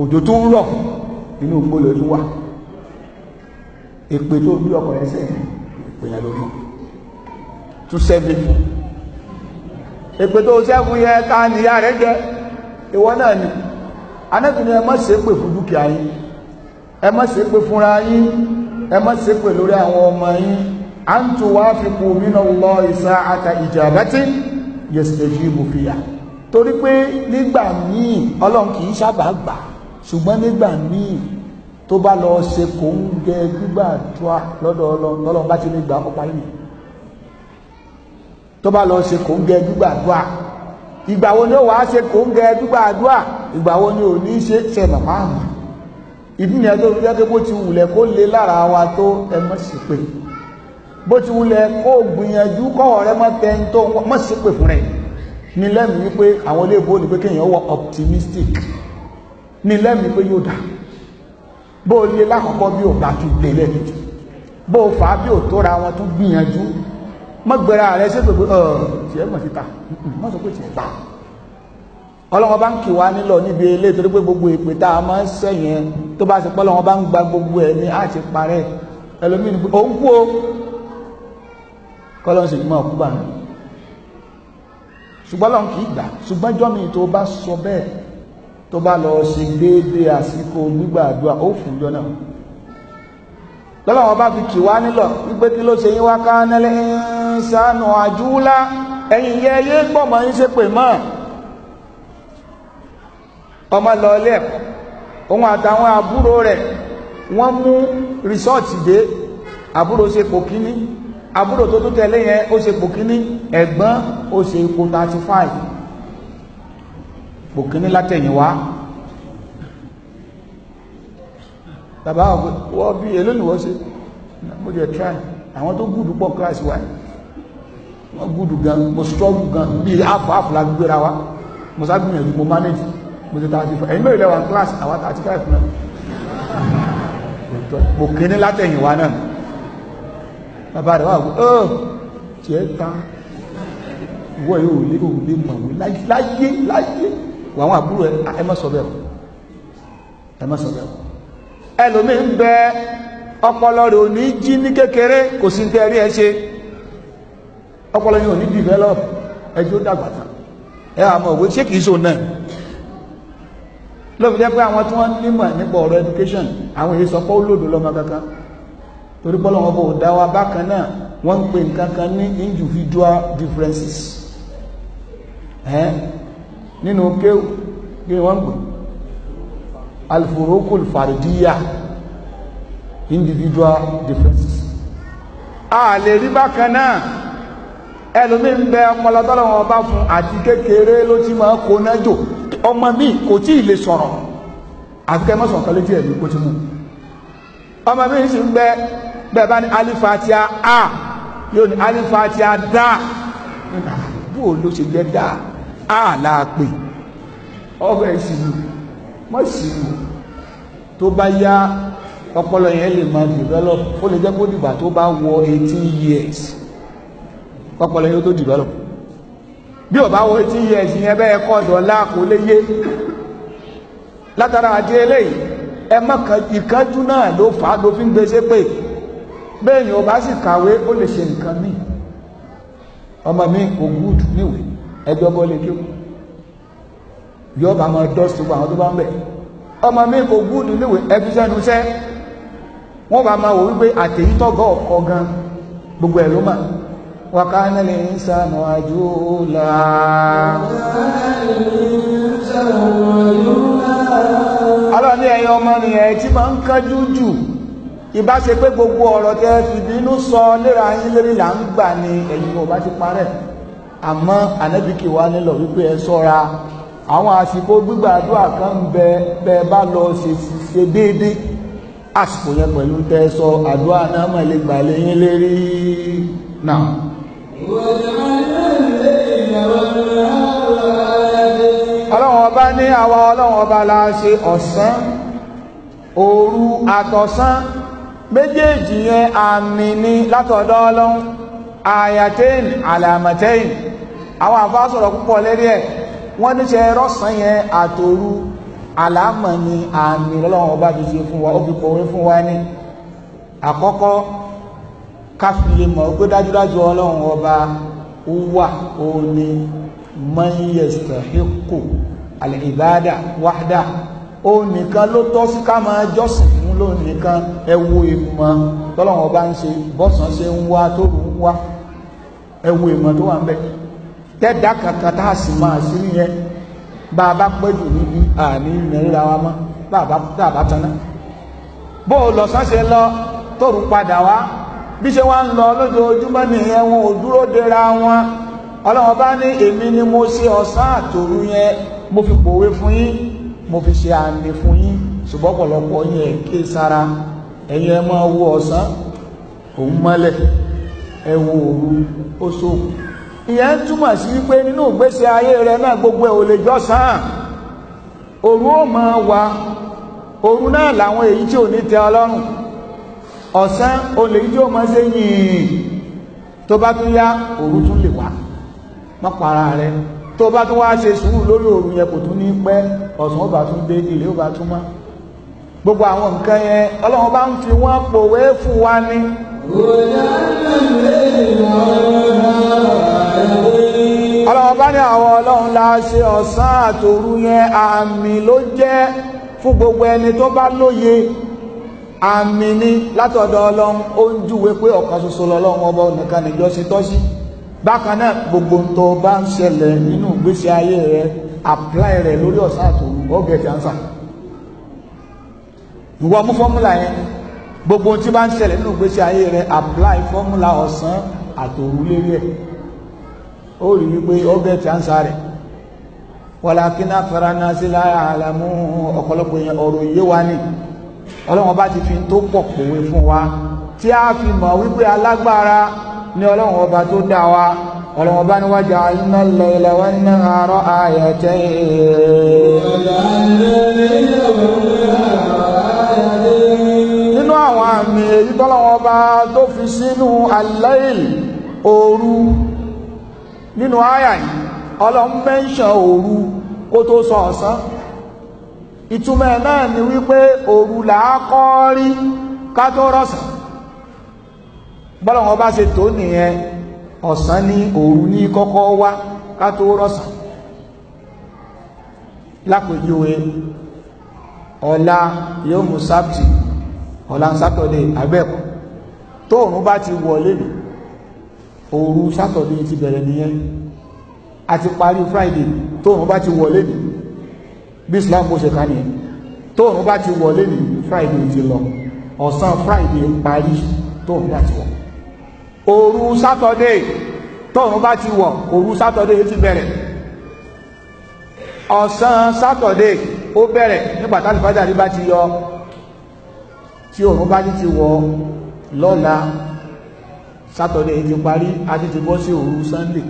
òjò tó ń rọ̀ inú gbólò tó wà èpè tó bí ọkọ ẹsẹ̀ èpè yẹn lórí tún sẹ́fì fún èpè tó sẹ́fù yẹn ká nìyá rẹ̀ jẹ́ ìwọ náà ni anábìnrin ẹ má ṣe pè fún dúkìá yín ẹ má ṣe pè fúnra yín ẹ má ṣe pè lórí àwọn ọmọ yín à ń tu wá fi kù mí náà lọ ìsà àtà ìjà àbẹ́tí yẹsẹ̀ jí ibùfìyà torí pé nígbà míì ọlọ́run kì í sábà gbà ṣùgbọ́n nígbà míì tó bá lọ ṣe kò ń gẹ gbígbàdúrà lọ́dọ̀ ọlọ́run lọ́lọ́run bá ti ní gbà ọkọ̀ parí nìyẹn tó bá lọ ṣe kò ń gẹ gbígbàdúrà ìgbà wo ni ó wàá ṣe kò ń gẹ gbígbàdúrà ìgbà wo ni ò ní ṣe ṣe bàbá àmọ́ ìdí nìyẹn tó fi jẹ́ bó ti wùlẹ̀ kó le lára wa tó ẹ mọ̀ sí pé bó ti wùlẹ̀ kó gbìyànjú kọ́wọ́ rẹ mọ́ tẹ́ ń tó mọ́ sí pé fún rẹ̀ ní lẹ́mìí wípé àwọn ilé ìbò ní pé kéèyàn wọ optimistic ní lẹ́mìí pé yóò dà bó o lé lákọ̀ọ́kọ́ bí ò bá tún gbé lẹ́ẹ̀kejì bó o fà á bí ò tóra wọn tún gbìyànjú mọ́gbẹ̀rẹ̀ ààrẹ ṣe pé ọ̀ tiẹ̀ mọ̀ síta mọ́ sọ pé tiẹ̀ gbà ọlọ́wọ́n bá ń kì wá nílọ níbi ilé torí pé gbogbo ìpè tá a máa ń sẹ́yìn tó bá ṣe pé ọlọ́wọ́n bá ń gba gbogbo ẹ̀ ní àti parẹ́ ẹlòmíràn òun kú o kọ́lọ́ọ̀sì mọ́ ọ̀kú bàmí ṣùgbọ́n Ọlọ́run kì í gbà ṣùgbọ́n jọ́mi tó bá sọ bẹ́ẹ̀ tó bá lọ ṣe déédéé àsìkò gbígbàdúrà ó fún jọ náà lọ́la wọn bá fi kì wá nílọ̀ wípé kí ló ṣe yín wá ká nílẹ̀ ìsànù àjúlá ẹ̀yìn yẹ yé gbọ́mọ̀ ń ṣe pè mọ́ ọmọ lọ ilé ẹ̀kọ́ òun àtàwọn àbúrò rẹ̀ wọ́n mú rìsọ́ọ̀tì dé àbúrò ṣe kò kíní àbúrò tó tún tẹ̀lé yẹn ó ṣe ipò kíní ẹ̀gbọ́n ó ṣe ipò 35 ipò kíní látẹ̀yìn wá bàbá wọ́n bí èlò ni wọ́n ṣe mo jẹ́ try àwọn tó gùdù pọ̀ class wa wọ́n gùdù gan mo struggle gan bí half half la gbéra wa mo sá gbìyànjú mo manage mo ti 35 ẹ̀yìn mẹ́rin lẹ́wà class àwa 35 náà mo kíní látẹ̀yìn wá náà bàbá rẹ̀ wà wí ọ́ tiẹ̀ ta ìwọ yóò lé òun lé mọ̀wé láyé láyé wà àwọn àbúrò ah, ẹ má sọ bẹ́ẹ̀ o ẹ má sọ bẹ́ẹ̀ o ẹlòmíì ń bẹ ọpọlọ rẹ̀ ò ní jí ní kékeré kò sí ní rí ẹ ṣe ọpọlọ yìí ní develop ẹjọ́ dàgbà tán ẹ àmọ́ òwe ṣé kìí so náà lóbi jẹ́ pé àwọn tí wọ́n nímọ̀ nípa ọ̀rọ̀ education àwọn èyí sọ pé ó lòdò lọ́mọ kankan torí pé Ọlọ́run bò dá wa bákan náà wọ́n ń pè nǹkan kan ní individual differences ẹ́ nínú kéwù kí wọ́n ń alfurukul faridiya individual differences a lè rí bákan náà ẹlòmíín bẹ ọpọlọ tọ́lọ́wọ́n bá fún àti kékeré ló ti máa kó náà jò ọmọ mi kò tí ì lè sọ̀rọ̀ àfikẹ́ mọ́sàn kan létí ẹ̀mí ti mú ọmọ mi sì ń bẹ bẹ́ẹ̀ bá alifatia a yóò ní alifatia da bó ló ṣe jẹ́ da a láàpè ọbẹ̀ ìsìnú wọ́n ìsìnú tó bá yá ọpọlọ yẹn lè máa develop ó lè jẹ́ kó dìgbà tó bá wọ eighteen years ọpọlọ yẹn ó tó develop bí o bá wọ eighteen years yẹn bẹ́ẹ̀ kọ́ dọ́là kò lè yé látara àti eléyìí ẹ mọ̀kàn ìkánjú náà ló fà á ló fi ń gbèsè pé bẹ́ẹ̀ ni o bá sì kàwé ó lè ṣe ọmọ mi kò gúd níwèé ẹjọ́ bọ́ lè kí o yóò máa dọ́sì gbogbo àwọn tó bá ń bẹ̀ ọmọ mi kò gúd níwèé ẹbí sẹ́nu sẹ́ wọ́n bá máa wò wípé gan gbogbo ẹ̀ ló mà wa ọmọ nìyẹn tí máa ń kájú jù. ìbá ṣe pé gbogbo ọ̀rọ̀ tẹ fìbínú sọ léra yín lérí là ń gbà ni ẹ̀yin ọba ti parẹ́ àmọ́ ànábìkì wa nílò wípé ẹ sọ́ra àwọn àsìkò gbígbàdúrà kan ń bẹ bẹ bá lọ ṣe déédéé àsìkò yẹn pẹ̀lú tẹ sọ àdúrà náà mọ̀ lè gbà lẹ́yìn lérí náà. ọlọ́run ọba ní àwa ọlọ́run ọba la ṣe ọ̀sán òru àtọ̀sán. méjèèjì yẹn àmì ni látọ̀dọ̀ ọlọ́run ayatain alamatain àwọn àfa sọ̀rọ̀ púpọ̀ lérí ẹ̀ wọ́n ní ṣe rọ́sàn yẹn àtòru àlámọ̀ ni àmì lọ́lọ́run ọba ti ṣe fún wa ó fi kọ̀wé fún wa ní àkọ́kọ́ dájúdájú ọba ó wà ó ní ó nìkan ló tọ́ sí ká máa jọ́sìn fún ló nìkan ẹ wo ìmọ̀ tọ́lọ́wọ́n bá ń ṣe bọ́sàn ṣe ń wá tó ń wá ẹ wo ìmọ̀ tó wà ń bẹ̀ tẹ́dá kankan tá a sì máa sí yẹn bá a bá pẹ́ jù níbi àní ìrìnrìn ra wa mọ́ bá a bá taná bó o lọ sán ṣe lọ tóru padà wá bí ṣe wá ń lọ lójoojúmọ́ nìyẹn wọn ò dúró dera wọn ọlọ́wọ́n bá ní èmi ni mo ṣe ọ̀sán àtòru yẹn mo fi pòwe fún yín mo fi ṣe àmì fún yín ṣùgbọ́n ọ̀pọ̀lọpọ̀ yín ẹ̀ ké sára ẹ̀yin ẹ máa wo ọ̀sán òun mọ́lẹ̀ ẹ wo òru ó sóòkù ìyẹn túmọ̀ sí wípé nínú ìgbésẹ̀ ayé rẹ náà gbogbo ẹ̀ ò lè jọ́sàn òru ó máa wà òru náà làwọn èyí tí ò ní tẹ́ ọlọ́run ọ̀sán olè yìí tí ó máa yìnyín tó bá tún yá òru tún lè wá mọ́pàá ara rẹ tó bá tún wá ṣe sùúrù lórí òru yẹn kò tún ní pẹ́ ọ̀sán ó tún dé ilé ó tún mọ́ gbogbo àwọn nǹkan yẹn ọlọ́run bá ń fi wọ́n pòwé fún wa ní. ọlọ́run bá ní àwọn ọlọ́run la ṣe ọ̀sán àtòru yẹn àmì ló jẹ́ fún gbogbo ẹni tó bá lóye àmì ni látọ̀dọ̀ ọlọ́run ó ń júwe pé ọ̀kan ṣoṣo lọ́lọ́run ọba nìkan nìjọ́sìn tọ́sí bákan náà gbogbo tó bá ń ṣẹlẹ̀ nínú ìgbésí ayé rẹ apply rẹ lórí ọ̀sán àtòru ó get answer ìwọ mú fọ́múlà yẹn gbogbo tí bá ń ṣẹlẹ̀ nínú ìgbésí ayé rẹ apply fọ́múlà ọ̀sán àtòru lérí ẹ̀ ó rí wípé ó get answer rẹ̀ wàlákínà faranasi láyà àlàmú ọ̀pọ̀lọpọ̀ èèyàn ọ̀rọ̀ yé wa ni ọlọ́wọ́n bá ti fi tó pọ̀ pòwe fún wa tí a fi mọ̀ wípé alágbára ní ọlọ́run ọba tó dá wa ọlọ́run ọba ní wájà iná lẹ ilẹ̀ wá ní àárọ̀ ayẹ̀tẹ́ nínú àwọn àmì èyí tọ́lọ́run ọba tó fi sínú aláìl òru nínú àyà yìí ọlọ́run mẹ́ńṣàn òru kó tó sọ ọ̀sán ìtumọ̀ náà ni wípé òru làákọ́ rí ká tó rọ̀sán bọ́lọ̀ wọn bá ṣe tó nìyẹn ọ̀sán ní òru ní kọ́kọ́ wá ká tó rọ̀sán lápèjúwe ọ̀la yóò mú sábtì ọ̀la sátọ̀dé àgbẹ̀kọ̀ tó òun bá ti wọlé nù òru sátọ̀dé ti bẹ̀rẹ̀ nìyẹn a parí friday tó òun bá ti wọlé nù bí islam bó ṣe ká nìyẹn tó òun bá ti wọlé nù friday ti lọ ọ̀sán friday parí tó òun bá ti wọ̀ òru sátọdé tóòrùn bá ti wọ̀ òru sátọdé yóò ti bẹ̀rẹ̀ ọ̀sán sátọdé ó bẹ̀rẹ̀ nígbà tí alifájàrí bá ti yọ tí òòrùn bá ti wọ̀ lọ́la sátọdé ti parí a ti ti bọ́ sí òru sunday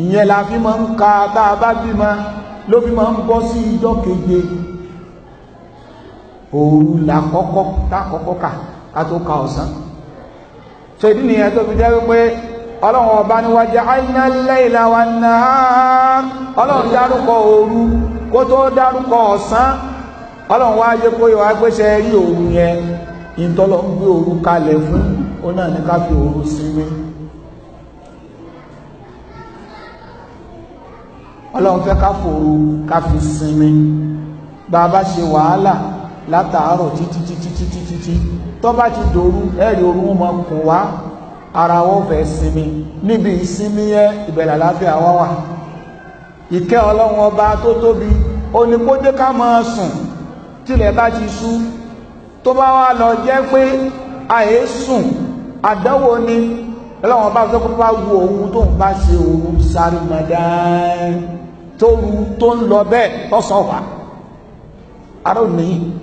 ìyẹn la fi máa ń ka tá a bá bímọ ló fi máa ń bọ́ sí ijọ́ keje òru la kọ́kọ́ tá kọ́kọ́ kà ká tó ka ọ̀sán. ṣe ìdí nìyẹn tó fi jẹ́ wípé ọlọ́run ọba ni wájá àìná lẹ́ìlà wa náà ọlọ́run dárúkọ òru kó tó dárúkọ ọ̀sán ọlọ́run wá jẹ́ kó yọ agbéṣẹ́ rí òru yẹn ìtọ́lọ́ ń gbé kalẹ̀ fún ó náà ní ká fi sinmi ọlọ́run fẹ́ ká ká fi sinmi bá a bá ṣe wàhálà látàárọ̀ títí títí títí títí tó bá ti dòru ẹ̀rí orun mọ kùn wá ara wọn fẹ́ sinmi níbi ìsinmi yẹn ìbẹ̀rẹ̀ àláfíà wá wà ìkẹ́ ọlọ́run ọba tó tóbi ó ní kó dé ká máa sùn tilẹ̀ bá ti sú tó bá wá lọ jẹ́ pé àyè sùn àdánwò ni ọlọ́run ọba tó bá wu òun tó ń bá ṣe òun sáré mọ̀dáán tó ń lọ bẹ́ẹ̀ lọ́sàn-án wà á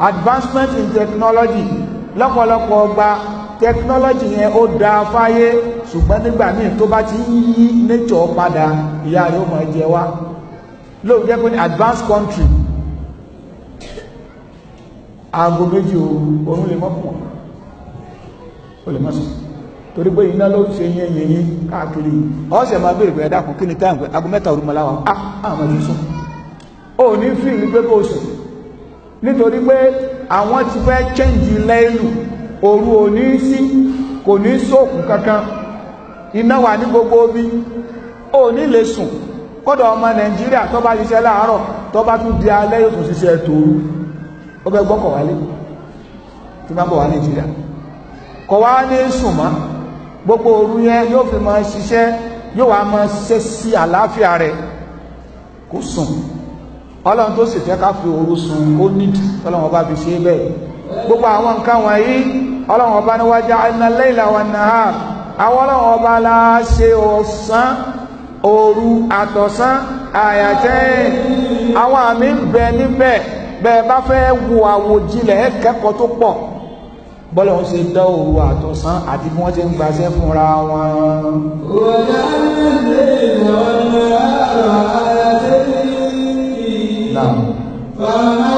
advancement in technology lọ́pọ̀lọpọ̀ ọgbà technology yẹn ó da fáyé ṣùgbọ́n nígbà míì tó bá ti yí nature padà ìyá rẹ̀ ó mọ̀ jẹ wá lóòótọ́ jẹ́ pé ní advanced country aago méjì oorun lè mọ́pọ̀ ó lè mọ́sùn torí pé iná ló ṣe yẹn yẹn yẹn káàkiri ọ̀sẹ̀ máa bèèrè pé ẹ̀dá kan kí ni táyà pé aago mẹ́ta òru mọ́ láwa ah, á àwọn ọmọdé sùn ó ní fíìmù pé kó sùn nítorí pé àwọn ti fẹ́ chẹ́ǹjì lẹ́lù oru ò ní sí kò ní sóòkùn kankan iná wà ní gbogbo bí ò ní lè sùn kódà ọmọ nàìjíríà tó bá ṣiṣẹ́ láàárọ̀ tó bá tún di alẹ́ yóò tún ṣiṣẹ́ tòru ó fẹ́ gbọ́kọ̀ wálé tí máa bọ̀ wá nàìjíríà kọ̀ wá ní sùn mọ́ gbogbo òru yẹn yóò fi máa ṣiṣẹ́ yóò wá máa ṣiṣẹ́ sí àlàáfíà rẹ̀ kó sùn ọlọ́run tó sì fẹ́ ká fi òru sùn ó nídìí ọlọ́run ọba fi ṣe bẹ́ẹ̀ gbogbo àwọn nǹkan wọ̀nyí ọlọ́run ọba ní wájá ẹnàlẹ́ìlà wọn náà àwọn ọlọ́run ọba la ṣe ọ̀sán òru àtọ̀sán àyàtẹ́ àwọn àmì ń bẹ níbẹ̀ bẹ́ẹ̀ bá fẹ́ wo àwòjilẹ̀ ẹ kẹ́kọ̀ọ́ tó pọ̀ bọ́lá ń ṣe dá òru àtọ̀sán àti bí wọ́n ti ń gbaṣẹ́ fúnra wọn. ọ̀dà ń lè lọ́nà now.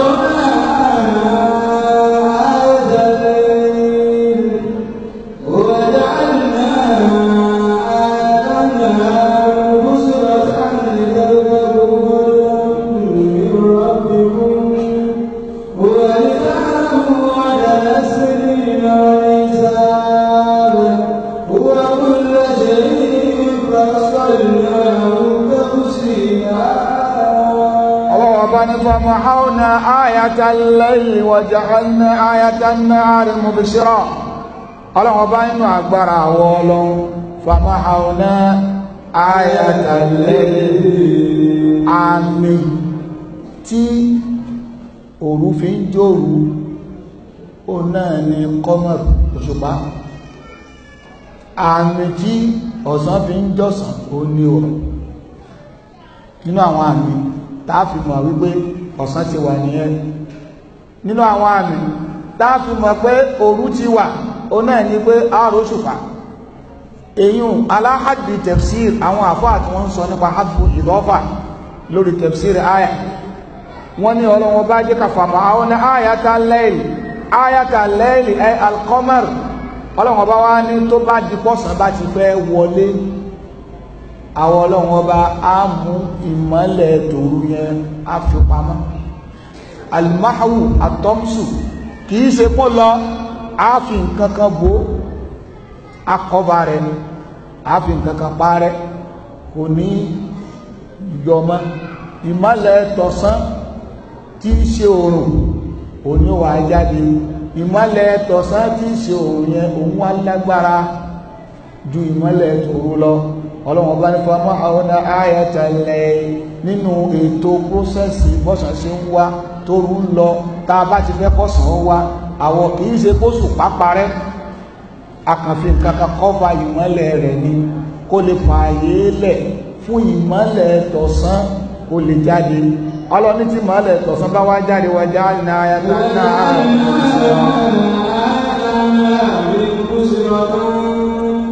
الليل وجعلنا آية النهار مبصرا ọlọ́run ọba nínú agbára àwọn ọlọ́run fàmáhàúná ayàtàlẹ́ àmì tí òru fi ń jòrú ó náà ni kọ́mọ̀ òṣùpá àmì tí ọ̀sán fi ń jọ̀sán ó ní òru nínú àwọn àmì tá a fi mọ̀ wípé ọ̀sán ti wà nìyẹn nínú àwọn àmì láti mọ̀ pé òru ti wà ó náà ní pé àròṣùpá èyún aláhàdì tafsir àwọn àfáà tí wọ́n ń sọ nípa hadfu ìdọ́fà lórí tafsir àyà wọ́n ní ọlọ́wọ́n bá jẹ́ kàfàmọ́ àwọn ní àyàtà lẹ́yìn àyàtà lẹ́yìn ẹ alkọ́mọ̀rì ọlọ́wọ́n bá wá ní tó bá di pọ̀sán bá ti fẹ́ wọlé àwọn ọlọ́wọ́n bá á mú ìmọ́lẹ̀ tòru yẹn á fi pamọ́ alimahu atọ́msù kìí ṣe pọ́ lọ àáfi nǹkan kan bò akọba rẹ̀ ni àáfi nǹkan kan parẹ́ kò ní yọmọ ìmọ́lẹ̀ tọ̀sán tí í ṣe oòrùn òní wà jáde ìmọ́lẹ̀ tọ̀sán tí í ṣe oòrùn yẹn òun wá lágbára ju ìmọ́lẹ̀ tòru lọ ọlọ́wọ́n bá ní fọmọ́ àwọn ayẹtẹ̀lẹ̀ nínú ètò pósẹ́sì bọ́sàn ṣe ń wá tóru ń lọ tá a bá ti fẹ́ kọ́sàn-án wa àwọn kì í ṣe kóṣù pápárẹ́ akànfin kankan kọ́fà ìmọ́lẹ̀ rẹ̀ ni kó lè fààyè lẹ̀ fún ìmọ́lẹ̀ tọ̀sán kó lè jáde ọlọ́ni tí ìmọ́lẹ̀ tọ̀sán bá wá jáde wá jáde náà yàtọ̀ náà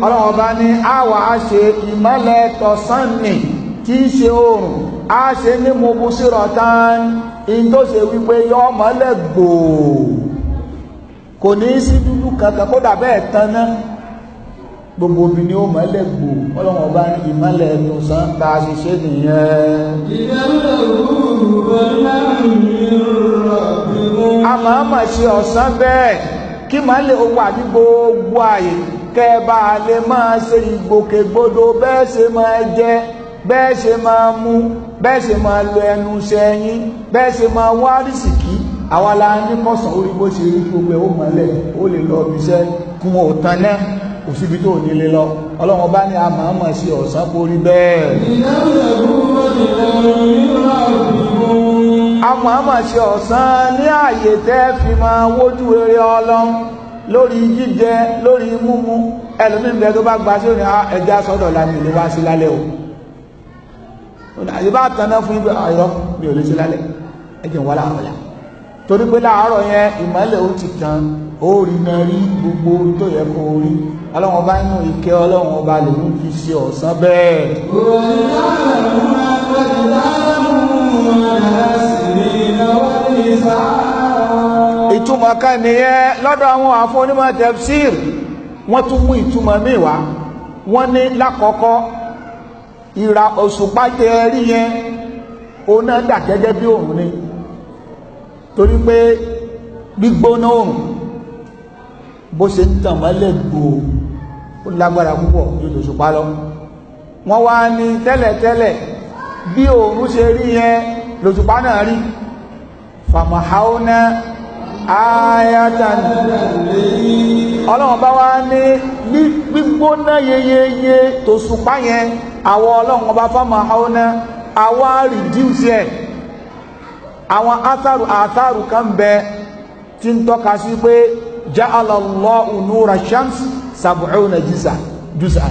ọlọ́run ọba ní àwà á ṣe ìmọ́lẹ̀ tọ̀sán nì tí í ṣe oòrùn á ṣe ní mobusirọ̀ tán in tó ṣe wípé yọ mọ́lẹ̀ gbòò kò ní sí dúdú kankan kódà bẹ́ẹ̀ tanná gbogbo obì ni ó mọ́lẹ̀ gbòò ọlọ́run ọba ní ìmọ́lẹ̀ ẹnu sàn bá a ṣe ṣe nìyẹn. àmọ́ àmọ́ ṣe ọ̀sán bẹ́ẹ̀ kí mọ́lẹ̀ ó wà ní gbogbo àyè kẹ́ bá a lè máa ṣe ìgbòkègbodò bẹ́ẹ̀ ṣe máa jẹ́ bẹ́ẹ̀ ṣe máa mú bẹ́ẹ̀ ṣe máa lọ ẹnu ṣe ẹyin bẹ́ẹ̀ ṣe máa wá rìsìkí àwa la ní kọ̀sán orí bó ṣe rí gbogbo ẹ̀ ó mọ̀lẹ̀ ó lè lọ ibi iṣẹ́ kún òtán náà kò síbi tó ní lè lọ ọlọ́run bá ní a máa mọ̀ ọ̀sán kó bẹ́ẹ̀. a máa mọ̀ ọ̀sán ní àyè tẹ́ fi máa wójú rere ọlọ́run lórí jíjẹ lórí mímu ẹlòmíì bẹ́ẹ̀ tó bá gba sí òní ah, ẹja sọ́dọ̀ la mi ò sí lálẹ́ o àyíbá tanná fún ah, ibi àyọ mi ò lè ṣe lálẹ́ ẹjẹ̀ wà láàrọ̀lá torí pé láàárọ̀ yẹn ìmọ́lẹ̀ ó ti tàn ó rí na rí gbogbo tó yẹ kó rí ọlọ́run bá nínú ìkẹ́ ọlọ́run ọba lòún fi ṣe ọ̀sán bẹ́ẹ̀. ìtumọ̀ kan nìyẹn lọ́dọ̀ àwọn àfọ́nímọ̀ tafsir wọ́n tún mú ìtumọ̀ míì wá wọ́n ní lákọ̀ọ́kọ́ ìra òṣùpá tẹ ẹ rí yẹn òun dà gẹ́gẹ́ bí òun ni torí pé gbígbóná òun bó ṣe ń tàn mọ́lẹ̀ gbòó ó lágbára púpọ̀ ju òṣùpá lọ wọ́n wá ní tẹ́lẹ̀tẹ́lẹ̀ bí òun ṣe rí yẹn lòṣùpá náà rí fàmàháúná ayatan ọlọ́run bá wá ní gbígbóná yeyeye tòṣùpá yẹn àwọn ọlọ́run ọba fáwọn ahọ́nà àwa rìdíùsì ẹ̀ àwọn atharu atharu kan bẹ tí ń tọ́ka sí pé ja'ala Allahu nura shams sab'una jùsà jùsà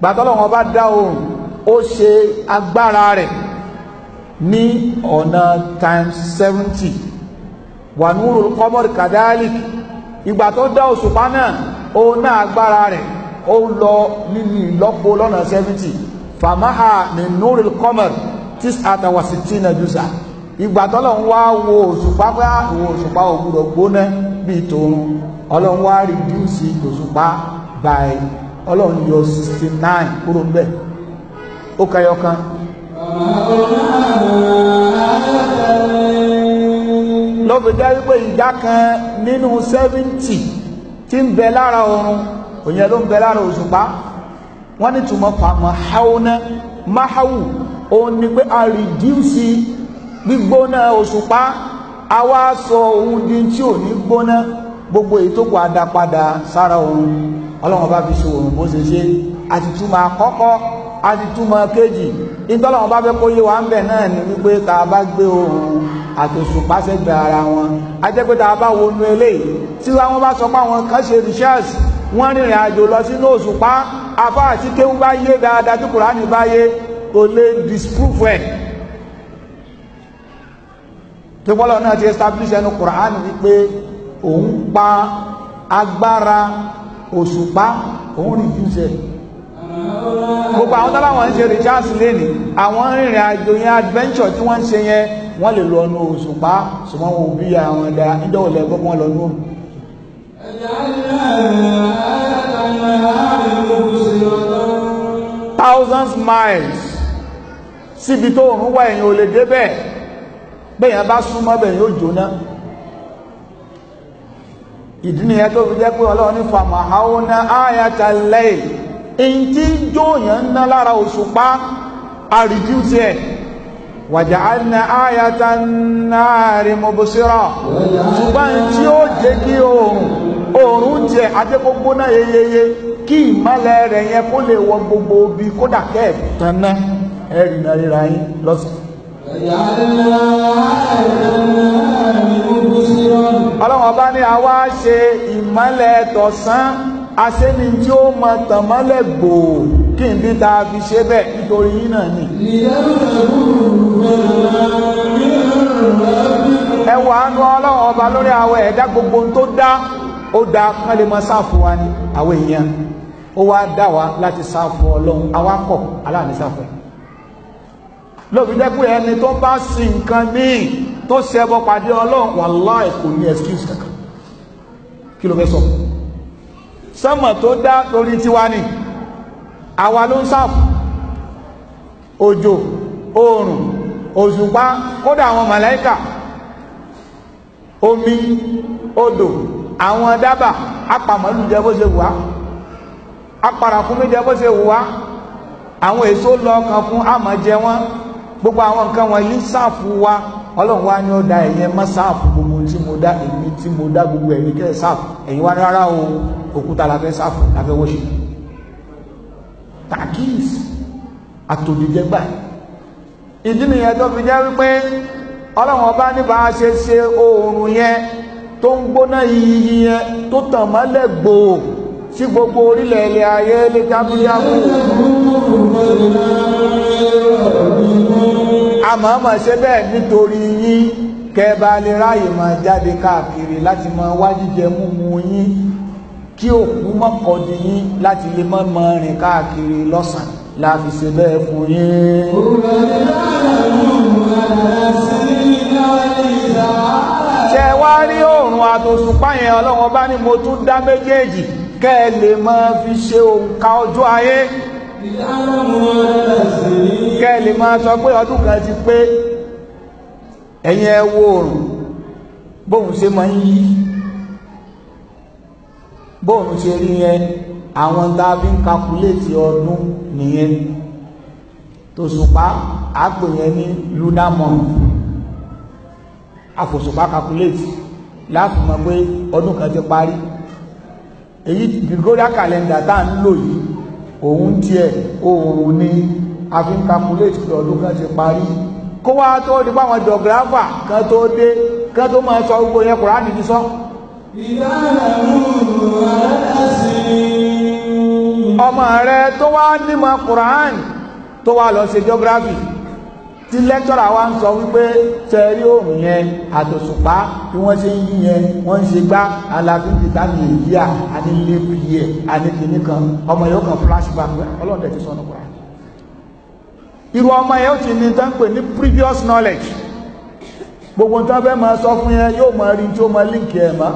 gbàtọ́lọ́run ọba dá òun ó ṣe agbára rẹ̀ ní ọ̀nà times seventy wà nurul qamar kadalik ìgbà tó dá òṣùpá náà òun náà agbára rẹ̀ ó lọ nínú ìlọ́po lọ́nà seventy famaha min nuril qamar tis'ata wa sittina juz'a ìgbà tọ́lọ́run wá wo òṣùpá pé àwọn ah, òṣùpá ò gbọ́dọ̀ gbóná bíi tòun ọlọ́run wá rìdíùsì òṣùpá by ọlọ́run yọ sixty nine kúrò ń bẹ̀ ó kẹyọ kan. ló fi jẹ́ wípé ìdá kan nínú seventy tí ń bẹ lára oorun òyìn ń bẹ lára òṣùpá wọ́n ní túmọ̀ fàmọ́ haúná máháwù òun ni pé a rìdíùsì gbígbóná òṣùpá a wá sọ òun di tí ò ní gbóná gbogbo èyí tó kù adapadà sára òun ọlọ́wọ́n bá fi ṣe òun bó ṣe ṣe àti túmọ̀ àkọ́kọ́ àti túmọ̀ kejì ìtọ́lọ́wọ́n bá fẹ́ kó yé wa ń bẹ̀ náà ni wípé tá a bá gbé òun àtòṣùpá sẹ́gbẹ̀ẹ́ ara wọn a jẹ́ pé tá a bá wọnú eléyìí tí wọn bá sọ pé àwọn kan ṣe research wọ́n rìnrìn àjò lọ sínú òṣùpá afá àti kéwú bá yé dáadáa tí kùránì bá yé kò lè disprove ẹ̀ tí pọ́lọ̀ náà ti establish ẹnu kùránì wípé òun pa agbára òṣùpá òun reduce ẹ̀ gbogbo àwọn tábàwọn ń ṣe recharge lẹ́nì àwọn rìnrìn àjò yẹn adventure tí wọ́n ń ṣe yẹn wọ́n lè lọ nu òṣùpá ṣùgbọ́n wọn ò bí àwọn ẹ̀dá níjọ́ òlẹ̀ gbọ́gbọ́n lọ nù thousands miles síbi tó òun wá èyàn ò lè débẹ̀ bẹ́yàn bá súnmọ́ bẹ̀yàn ó jóná ìdí nìyẹn tó fi jẹ́ pé ọlọ́run ní fàmà àwọn ayata lẹ́yìn èyí tí jóòyàn ń ná lára òṣùpá àrídíútì ẹ̀ wàjàánà áyàtà náàrí mọ̀bùsírà ṣùgbọ́n tí ó jẹ́ kí oòrùn oòrùn jẹ́ adékógbóná yeyeye kí ìmọ́lẹ̀ rẹ̀ yẹn kó lè wọ gbogbo bí kódà kẹ́ẹ̀kì tanná ẹ̀rì náà ríra yín lọ́sàn ọlọ́run ọba ní àwa ṣe ìmọ́lẹ̀ tọ̀sán aṣẹ́ni tí ó mọ tànmọ́lẹ̀ gbòò kí n bí ta fi ṣe bẹ́ẹ̀ nítorí yín náà ni. ìyá òṣèlú ẹwà ánú ọba lórí àwọn ẹ̀dá gbogbo tó dá ó dá kán lè mọ sáàfù wa ní àwọn èèyàn ó wá dá wa láti sáàfù ọlọ́run awakọ̀ aláàní lóbi jẹ́ pé ẹni tó bá sin nǹkan míì tó pàdé ọlọ́run kò ní tó dá òṣùpá kódà àwọn màláíkà omi odò àwọn dábà apàmọ́lù jẹ bó ṣe wùwá apàrà fún mi jẹ bó ṣe wùwá àwọn èso lọ kan fún àmọ́ jẹ wọ́n gbogbo àwọn nǹkan wọ̀nyí sáàfù wa ọlọ́run wá ní ó da ẹ̀yẹ mọ́ sáàfù gbogbo tí mo dá èmi tí mo dá gbogbo ẹ̀rí kẹ́ sáàfù ẹ̀yin wá rárá o òkúta la fẹ́ sáàfù la fẹ́ wọ́ṣẹ̀ tàkìs àtòdìjẹgbà ìdí nìyẹn tó fi jẹ́ wípé ọlọ́run ọba ní bá a ṣe ṣe oòrùn yẹn tó ń gbóná yiyi yẹn tó tàn mọ́lẹ̀ gbòò sí gbogbo orílẹ̀ ilẹ̀ ayé lè dábúyáwó àmọ́ mọ̀ ṣe bẹ́ẹ̀ nítorí yín kẹba lè ráyè máa jáde káàkiri láti máa wá jíjẹ múmu yín kí òkú mọ́kọ̀dí yín láti lè mọ́ mọ́ rìn káàkiri lọ́sàn-án la fi ṣe bẹ́ẹ̀ fún yín. ṣe wá rí oòrùn àtòṣùpá yẹn ọlọ́wọ́n bá ní mo tún dá méjèèjì kẹ́ ẹ lè máa fi ṣe òǹkà ọjọ́ ayé kẹ́ ẹ lè máa sọ pé ọdún kan ti pé ẹ̀yin ẹ wo oòrùn bóun ṣe máa ń yí bóun ṣe rí yẹn àwọn tá a fi ń kakuléètì ọdún nìyẹn tòṣùpá àpò yẹn ní lunar month àfòṣùpá kakuléètì láti mọ̀ pé ọdún kan ti parí èyí Gregorian calendar tá à ń lò yìí òun tiẹ̀ òun ní a fi ń kakuléètì pé ọdún kan ti parí kó wá tó di báwọn jọgráfà kan tó dé kan tó máa sọ gbogbo yẹn Kùránì ti sọ. ìdáhùn àwọn ẹ̀sìn ọmọ rẹ tó wá nímọ̀ Quran tó wá lọ ṣe geography tí lẹ́kítọ́rà wa ń sọ wípé tẹ̀rí òòrùn yẹn àtòṣùpá bí wọ́n ṣe ń yí yẹn wọ́n ń ṣe gbá alábíbìtá ní èyí à anílébì ẹ̀ aníkìní kan ọmọ yóò kan flashback ọlọ́run tẹ̀ ti sọnù kura. irú ọmọ yẹn ó ti ní tán pè ní previous knowledge gbogbo nǹkan fẹ́ máa sọ fún yẹn yóò máa rí tí ó máa líǹkì ẹ̀ mọ́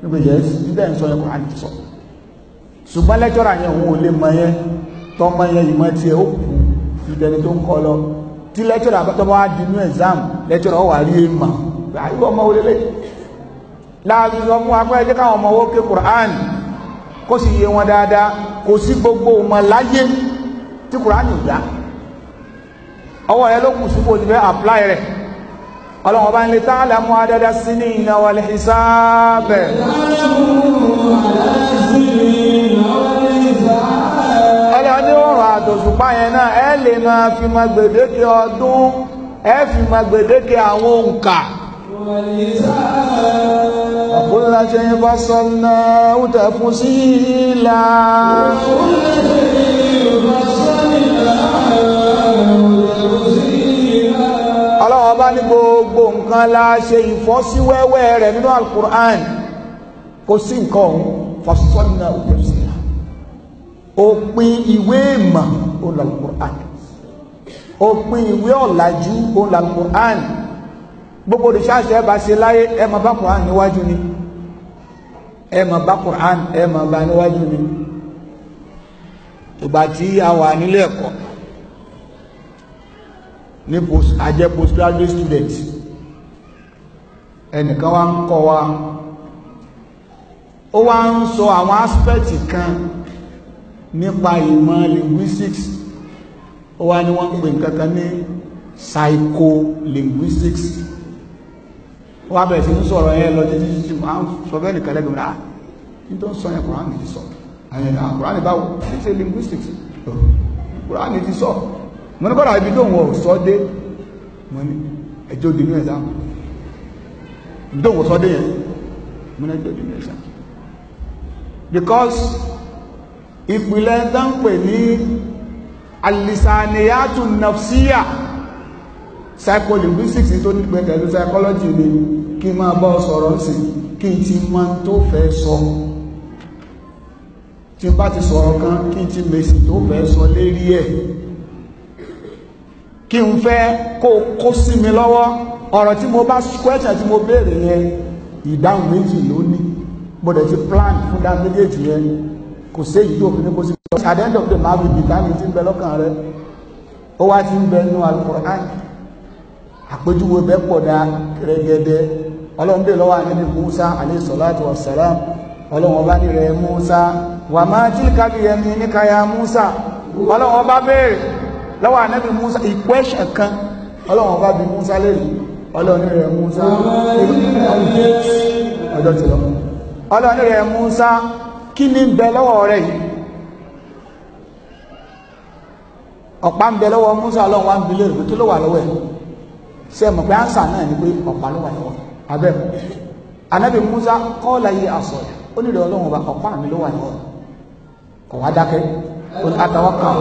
nígbà yẹn níbẹ̀ ń sọ yẹn kò á ti ṣùgbọ́n lẹ́jọ́ra yẹn òun ò lè mọ yẹn tọmọ yẹn ìmọ̀ tiẹ̀ ó kù ìdẹni tó ń kọ lọ tí lẹ́jọ́ra tọmọ á di inú exam lẹ́jọ́ra ó wà rí èèmà àyíwọ̀ ọmọ olélé láàbí sọ fún akọ́ ẹjẹ́ káwọn ọmọ owó ké Qur'an kó sì yé wọn dáadáa kò sí gbogbo ọmọ láyé tí Qur'an ò gbà ọwọ́ yẹn ló kù sí kò ti fẹ́ apply rẹ̀ ọlọ́run ọba ń lè tán àlàmú adada sí ní ìnáwó alẹ́hìsáàbẹ̀ ọlọ́ni òrùn àtòṣùpá yẹn náà ẹ lè máa fi ma gbèdéke ọdún ẹ fi ma gbèdéke àwọn òǹkà ọ̀pọ̀lọpọ̀ ṣe ń bá sọ́nà ó tẹ̀ fún sí ìlà ọ̀pọ̀lọpọ̀ ọba ní gbogbo nǹkan la ṣe ìfọ́síwẹ́wẹ́ rẹ̀ nínú alukur'an kò sí nǹkan ọ̀hún fasọ́nà òtẹ̀síra òpin ìwé ìmọ̀ olùkùrán òpin ìwé ọ̀làjú olùkùrán gbogbo olùṣàṣẹ bá ṣe láyé ẹ máa bá kùrán níwájú ni ẹ máa bá kùrán ẹ máa bá níwájú ni ìgbà tí a wà nílé ẹ̀kọ́ ní post ajẹ́ postgraduate student ẹnìkan wá ń kọ́ wa ó wá ń sọ àwọn aspect kan nípa ìmọ̀ linguistics ó wá ní wọ́n pè nǹkan kan ní psycholinguistics ó wá bẹ̀rẹ̀ sí ń sọ̀rọ̀ yẹn lọ títí títí máa ń sọ bẹ́ẹ̀ nìkan lẹ́gbẹ̀ẹ́ náà ah, ní tó ń sọ yẹn kùránì ti sọ àyẹ̀yẹ̀ ah, kùránì báwo ṣíṣe linguistics kùránì ti sọ mo ní kọ́ra ibi tó wọ́n sọ dé mo ní ẹjọ́ di ní ẹ̀sán ibi tó wọ́n sọ dé yẹn mo ní ẹjọ́ di ní ẹ̀sán because ìpìlẹ̀ dánpẹ̀ ní alisaniyatu nafsiya psycholinguistics tó ní pẹ̀ pẹ̀lú psychology ni kí n máa bá ọ sọ̀rọ̀ ń sìn kí n ti máa tó fẹ́ sọ tí n bá ti sọ̀rọ̀ kan kí n ti mèsì tó fẹ́ sọ lérí ẹ̀ kí n fẹ́ kó kó sí mi lọ́wọ́ ọ̀rọ̀ tí mo bá question tí mo béèrè yẹn ìdáhùn méjì ló ní mo dẹ̀ ti plan fún dá méjèèjì yẹn kò séyìí tó fi ní kó sí mi lọ́wọ́ at the end of the month with the time ti ń bẹ lọ́kàn rẹ ó wá ti ń bẹ nínú alukur'an àpèjúwe bẹ́ẹ̀ pọ̀ dá kẹrẹgẹdẹ ọlọ́run dè lọ́wọ́ ànábì Musa alayhi salatu wa salam ọlọ́run ọba ní Musa wà tí kábíyẹmí níka ya Musa ọlọ́run ọba béèrè lọ́wọ́ anábì musa ìpẹ́ṣẹ̀ kan ọlọ́run bá bi musa léyìí ọlọ́run rẹ̀ musa ọjọ́ ti lọ ọlọ́run rẹ̀ musa kí ni ń bẹ lọ́wọ́ rẹ̀ yìí ọ̀pá ń bẹ lọ́wọ́ musa ọlọ́run wá ń bi léèrè tó ló wà lọ́wọ́ ẹ̀ ṣe mọ̀ pé ánsà náà ni pé ọ̀pá ló wà lọ́wọ́ abẹ́ anábì musa kọ́ láyé àsọ̀rọ̀ ó nílò ọlọ́run ọba ọ̀pá mi ló wà lọ́wọ́ kọ̀ dákẹ́ àtàwọ́kàn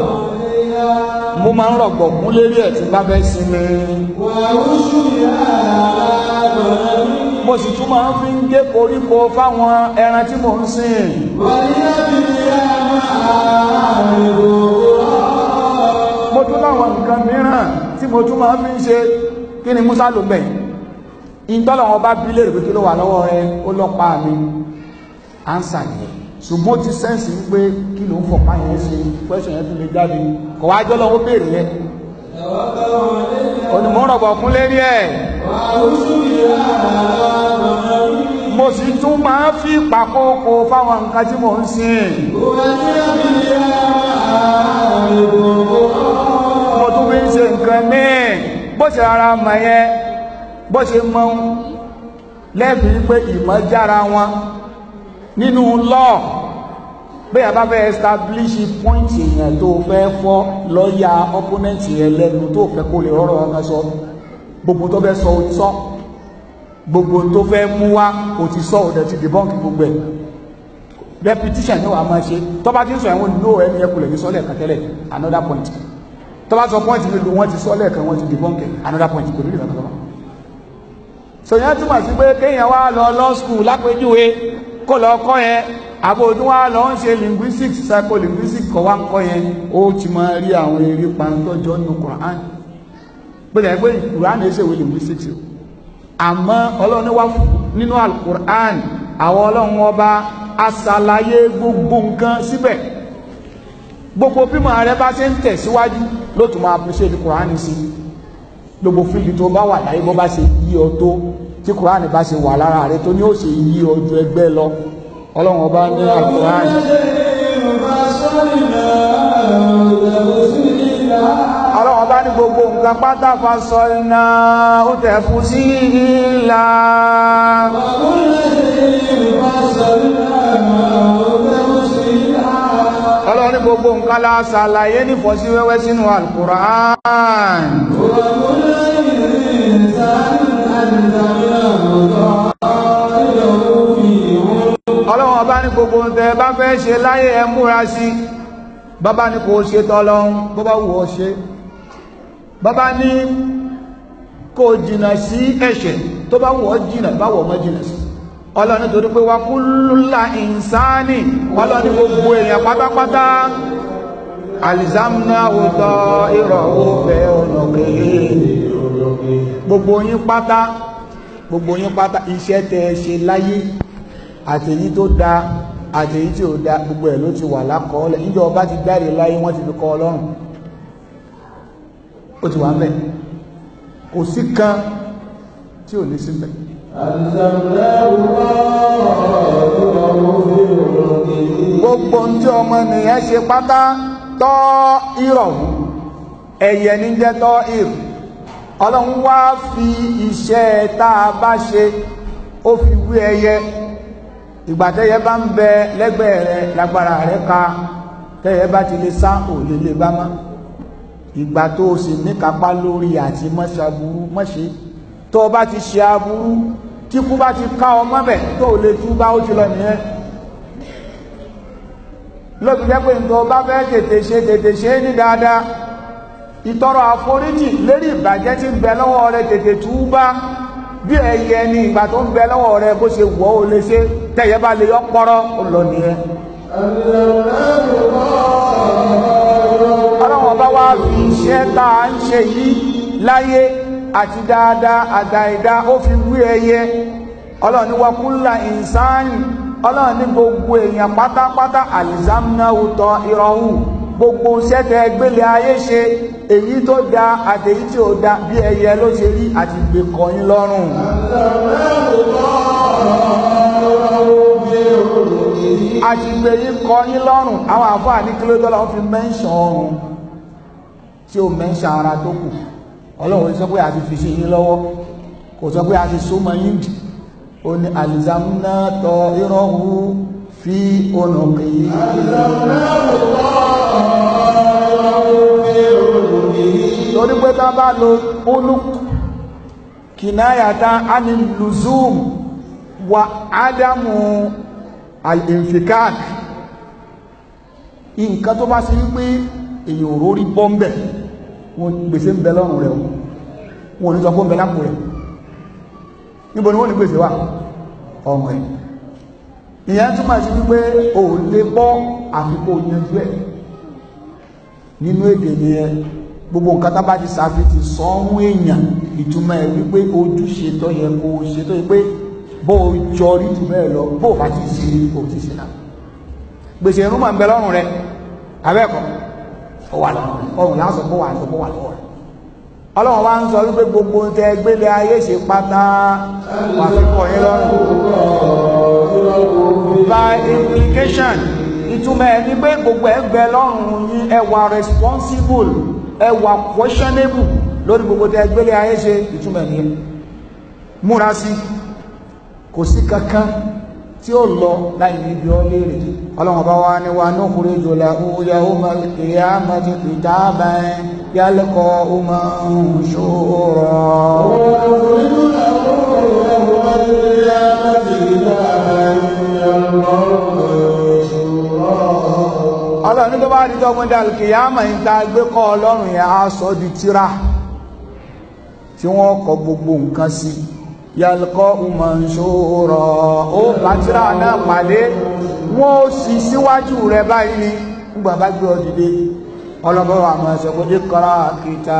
mo máa ń rọ̀gbọ̀ kún lérí ẹ̀ tí bá fẹ́ sinmi mo sì tún máa ń fi ń gé koríko fáwọn ẹran tí mò ń sìn mo tún láwọn nǹkan mìíràn tí mo tún máa ń fi ń ṣe kí ni Musa ló bẹ̀ ìtọ́lọ̀ bá bí lè rí pé kí ló wà lọ́wọ́ rẹ ó lọ́pàá mi à ń ṣùgbọ́n ti sẹ́ǹsì ń pé kí ló ń fọ̀ pa yẹn ṣe pẹ́sùn yẹn tún lè jáde kọ̀ wá jọ́ lọ́wọ́ béèrè yẹn onímọ̀rọ̀gbọ̀ kún lérí ẹ̀ mo sì tún máa fi pàkókò fáwọn nǹkan tí mò ń sìn mo tún fi ń ṣe nǹkan míì bó ṣe ara mọ̀ yẹn bó ṣe mọ̀ lẹ́bìí pé ìmọ̀ jára wọn nínú law bẹ́ẹ̀ bá fẹ́ establish point yẹn tó fẹ́ fọ́ lọ́ọ̀yà opponent yẹn lẹ́nu tó fẹ́ kó lè rọ́rọ̀ ọmọ sọ gbogbo tó fẹ́ sọ ó ti sọ gbogbo tó fẹ́ mú wá ó ti sọ òdẹ ti debunk gbogbo ẹ̀ repetition ni wàá máa ṣe tó bá ti sọ ẹ̀wọ̀n ní òun ẹni ẹkùn lè sọ́lẹ̀ kan tẹ́lẹ̀ another point tó bá sọ point nílò wọ́n ti sọ́lẹ̀ kan wọ́n ti debunk another point kò nílò ìgbà kan tó túmọ̀ sí pé kéèyàn wá lọ law school lápèjúwe kó lọ kọ́ yẹn àbòdún wa lọ ń ṣe linguistics psycholinguistics kọ́ wa ń kọ́ yẹn ó ti máa rí àwọn eré pantọ́jọ́ nínú Quran gbọ́dọ̀ ẹgbẹ́ Quran ẹ̀ ṣèwé linguistics o àmọ́ ọlọ́run wá nínú alukur'an àwọn ọlọ́run ọba asàlàyé gbogbo nǹkan síbẹ̀ gbogbo bímọ rẹ bá ṣe ń tẹ̀síwájú ló tún máa appreciate Quran sí gbogbo fíìlì tó bá wà láyé bó bá ṣe yí ọ tó tí kuraani bá ṣe wà lára rẹ tó ní ó ṣe yí ọjọ́ ẹgbẹ́ lọ ọlọ́run ọba ní àkùránì. ọlọ́run ọba ní gbogbo nǹkan pátá fa sọ iná ó tẹ̀ fún sí ìlà. ọlọ́run ní gbogbo nǹkan la ṣàlàyé ní fọ́síwẹ́wẹ́ sínú alukur'an. ọlọ́run ní gbogbo nǹkan la ṣàlàyé ní fọ́síwẹ́wẹ́ sínú alukur'an ọlọ́wọ́n ọba ní gbogbo ǹtẹ́ bá fẹ́ ṣe láyé ẹ múra sí bàbá ní kò ṣe tọ́lọ́un bọ́bá wù ọ ṣe bàbá ní kò jìnà sí ẹ̀ṣẹ̀ tó bá wù ọ jìnà báwọ̀ mọ́ jìnà sí ọlọ́ni torí pé wa kúlùlà ìsáni ọlọ́ni gbogbo èèyàn pátápátá alizamna òtọ́ ìrọ̀wọ́ ọ̀nà kèé gbogbo yín pátá gbogbo yín pátá iṣẹ́ tẹ ẹ ṣe láyé àtẹ̀yí tó da àtẹ̀yí tí ò da gbogbo ẹ̀ ló ti wà lákọọ́lẹ̀ níjọ ọba ti dáre láyé wọ́n ti fi kọ́ ọlọ́run ó ti wà ń bẹ̀ kò sí kan tí ò ní sí bẹ̀. gbogbo ń tí ọmọ nìyẹn ṣe pátá tọ́ ìrọ̀ ẹ̀yẹ ní jẹ́ tọ́ ìrọ̀ ọlọ́run wá fi iṣẹ́ tá a bá ṣe ó fi wé ẹyẹ ìgbàtẹ́yẹ bá ń bẹ lẹ́gbẹ̀ẹ́ rẹ lágbára rẹ ka tẹ́yẹ bá ti lè sá òlè lè bá má ìgbà tó o sì níkapá lórí àti mọ́ṣe aburú mọ́ṣe tó o bá ti ṣe aburú tíkú bá ti ká ọmọ bẹ̀ tó o lè tú bá ó ti lọ nìyẹn lóbi jẹ́ pé nǹkan bá fẹ́ tètè ṣe tètè ṣe ní dáadáa ìtọrọ àforíjì lérí ìbàjẹ́ tí ń bẹ lọ́wọ́ rẹ tètè túbá bí ẹyẹ ni ìgbà tó ń bẹ lọ́wọ́ rẹ bó ṣe wọ́ ó lè ṣe tẹ̀yẹ bá lè yọ pọ́rọ́ ó lọ nìyẹn. ọlọ́wọ́n bá wá fi iṣẹ́ tá a ń ṣe yìí láyé àti dáadáa àdáìdá ó fi wí ẹyẹ ọlọ́run ní ìsáyìn ọlọ́run ní gbogbo èèyàn pátápátá ìrọ̀hùn gbogbo sẹ́tẹ̀ gbélé ayé ṣe èyí tó da àtèyí tí ò da bí ẹyẹ ló ṣe rí àti gbé kọyín lọ́rùn. àti gbé yín kọyín lọ́rùn àwọn àfáà ní kí ló dọ́là ó fi mẹ́ńṣàn ọrùn tí ó mẹ́ńṣàn ara tó kù ọlọ́run sọ pé a ti fi sí yín lọ́wọ́ kò sọ pé a ti so mọ́ yín dì ó ní alizamuna tọ irọ́hu fi ònà kìí. alizamuna tọ torí pé tá bá lo uluk kìnáyàtà ani luzum wa ádámù al-infikak nǹkan tó bá sí wípé èyàn ò rórí bọ́m̀bẹ̀ wọn gbèsè ń bẹ lọ́rùn rẹ̀ wọn ò ní sọ fún bẹ lápò rẹ̀ níbo ni wọ́n ní gbèsè wà ọmọ ẹ̀ ìyẹn túmọ̀ sí wípé ò lè bọ́ àfikún yanjú ẹ̀ nínú èdè nìyẹn gbogbo nǹkan tábà ti sàfitì sọ́hún èèyàn ìtumọ̀ ẹ̀ wípé ojúṣe tó yẹ kó o ṣe tó yẹ pé bó o jọ rí jù bẹ́ẹ̀ lọ bó o bá ti ṣe o ti ṣe náà gbèsè irun máa ń bẹ lọ́rùn rẹ abẹ́ẹ̀kọ́ ọ̀wà lọ́rùn ọ̀rùn lásán bó wà lọ́rùn bó wà lọ́rùn ọlọ́run wá ń sọ wípé gbogbo tẹ gbélé ayé ṣe pátá wà fi kọ̀ yín lọ́rùn by implication ìtumọ̀ ẹ̀ ni pé gbogbo ẹgbẹ́ lọ́rùn yín ẹ responsible ẹ questionable lórí gbogbo tẹ gbélé ayé ṣe ìtumọ̀ ẹ̀ nìyẹn múra sí kò sí kankan tí ó lọ láì ní ibi ọlé rè ọlọ́run bá wá ní wa ní òkúrẹ́ ìjọlá òòyà ọmọ ìyá àmàtí ìdáàbà ẹ̀ yálẹ́kọ̀ ọmọ ṣòro. òòrùn ọ̀rọ̀ ní tó bá di tọ́gbọ́n dá kìyàmà ń ta gbé kọ́ ọlọ́run yẹn á sọ di tírà tí wọ́n kọ gbogbo nǹkan sí yàlùkọ́ ìmọ̀ǹṣòrọ̀ ó bá tírà náà pàdé wọ́n ó sì síwájú rẹ̀ báyìí ni nígbà bá gbé ọ ọlọ́bọ̀ wa máa sọ pé kíkọ́ra kìtà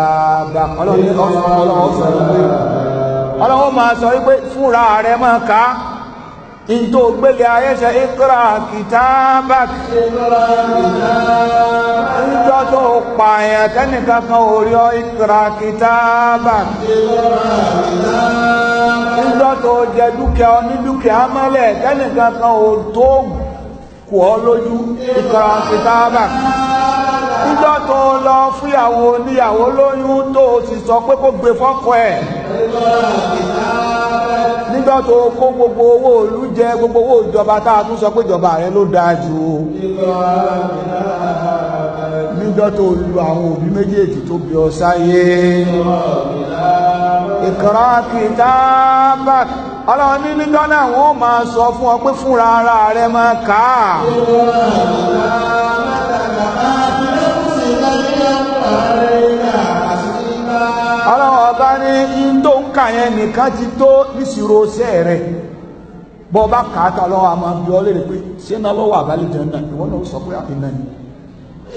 bá ọlọ́wọ́ máa sọ wípé fúnra rẹ̀ máa kàá ìntò gbélé ayẹ́ṣẹ́ ìkírà kìtàbàk ìjọ tó pààyàn tẹ́nìkan kan orí ọ ìkírà kìtàbàk ìjọ tó jẹ dúkìá ní dúkìá mọ́lẹ̀ tẹ́nìkan kan ò tó kù ọ lójú ìkírà kìtàbàk ìjọ tó lọ fúyàwó níyàwó lóyún tó ti sọ pé kó gbé fọ́kọ ẹ̀ ìkírà kìtàbàk níjọ́ tó kó gbogbo owó òlú jẹ gbogbo owó ìjọba tá a tún sọ pé ìjọba rẹ ló dáa jù o níjọ́ tó lu àwọn òbí méjèèjì tó bí ọ sáyé ọlọ́run ní sọ fún ọ fúnra ara rẹ máa kà tó ń kà yẹn nìkan ti tó níṣirò ṣẹ́ rẹ̀ bọ́ bá kà á ta lọ́wọ́ bí ọ léèrè pé ṣé náà lọ́wọ́ àbálẹ̀ jẹun náà ìwọ náà sọ pé àbí náà ni.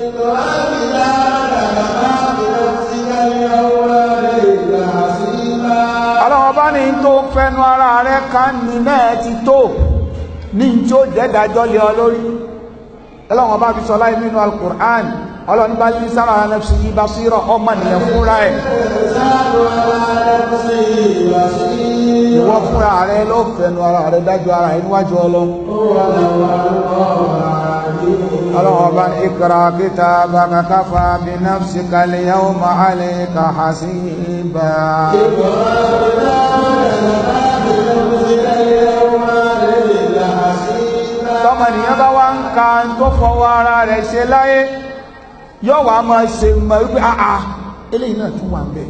ìlú àbílá àgbàlagbà àbílá ti ká ní ọwọ́ ìlà sí ilá. ọlọ́wọ́ bá ní tó fẹnu ara rẹ̀ ká ní náà ti tó ní tí ó jẹ́ dájọ́ lé ọ lórí ọlọ́wọ́ bá fi sọ láì nínú alukur'an ọlọ́ni bá yí sára anẹ́fṣì yí bá síra ọmọ nìyẹn fúnra ẹ̀ ìwọ fúnra rẹ ló fẹnu ara rẹ dájú ara ẹ níwájú ọlọ́run ọlọ́run ọba ikra kitabaka kafa bi nafsika al-yawma alayka hasiba tọ́mọ nìyẹn bá wá ń ka tó fọwọ́ ara rẹ̀ ṣe láyé yóò wá máa ṣe mọ̀ a àà eléyìí náà tún wà ń bẹ̀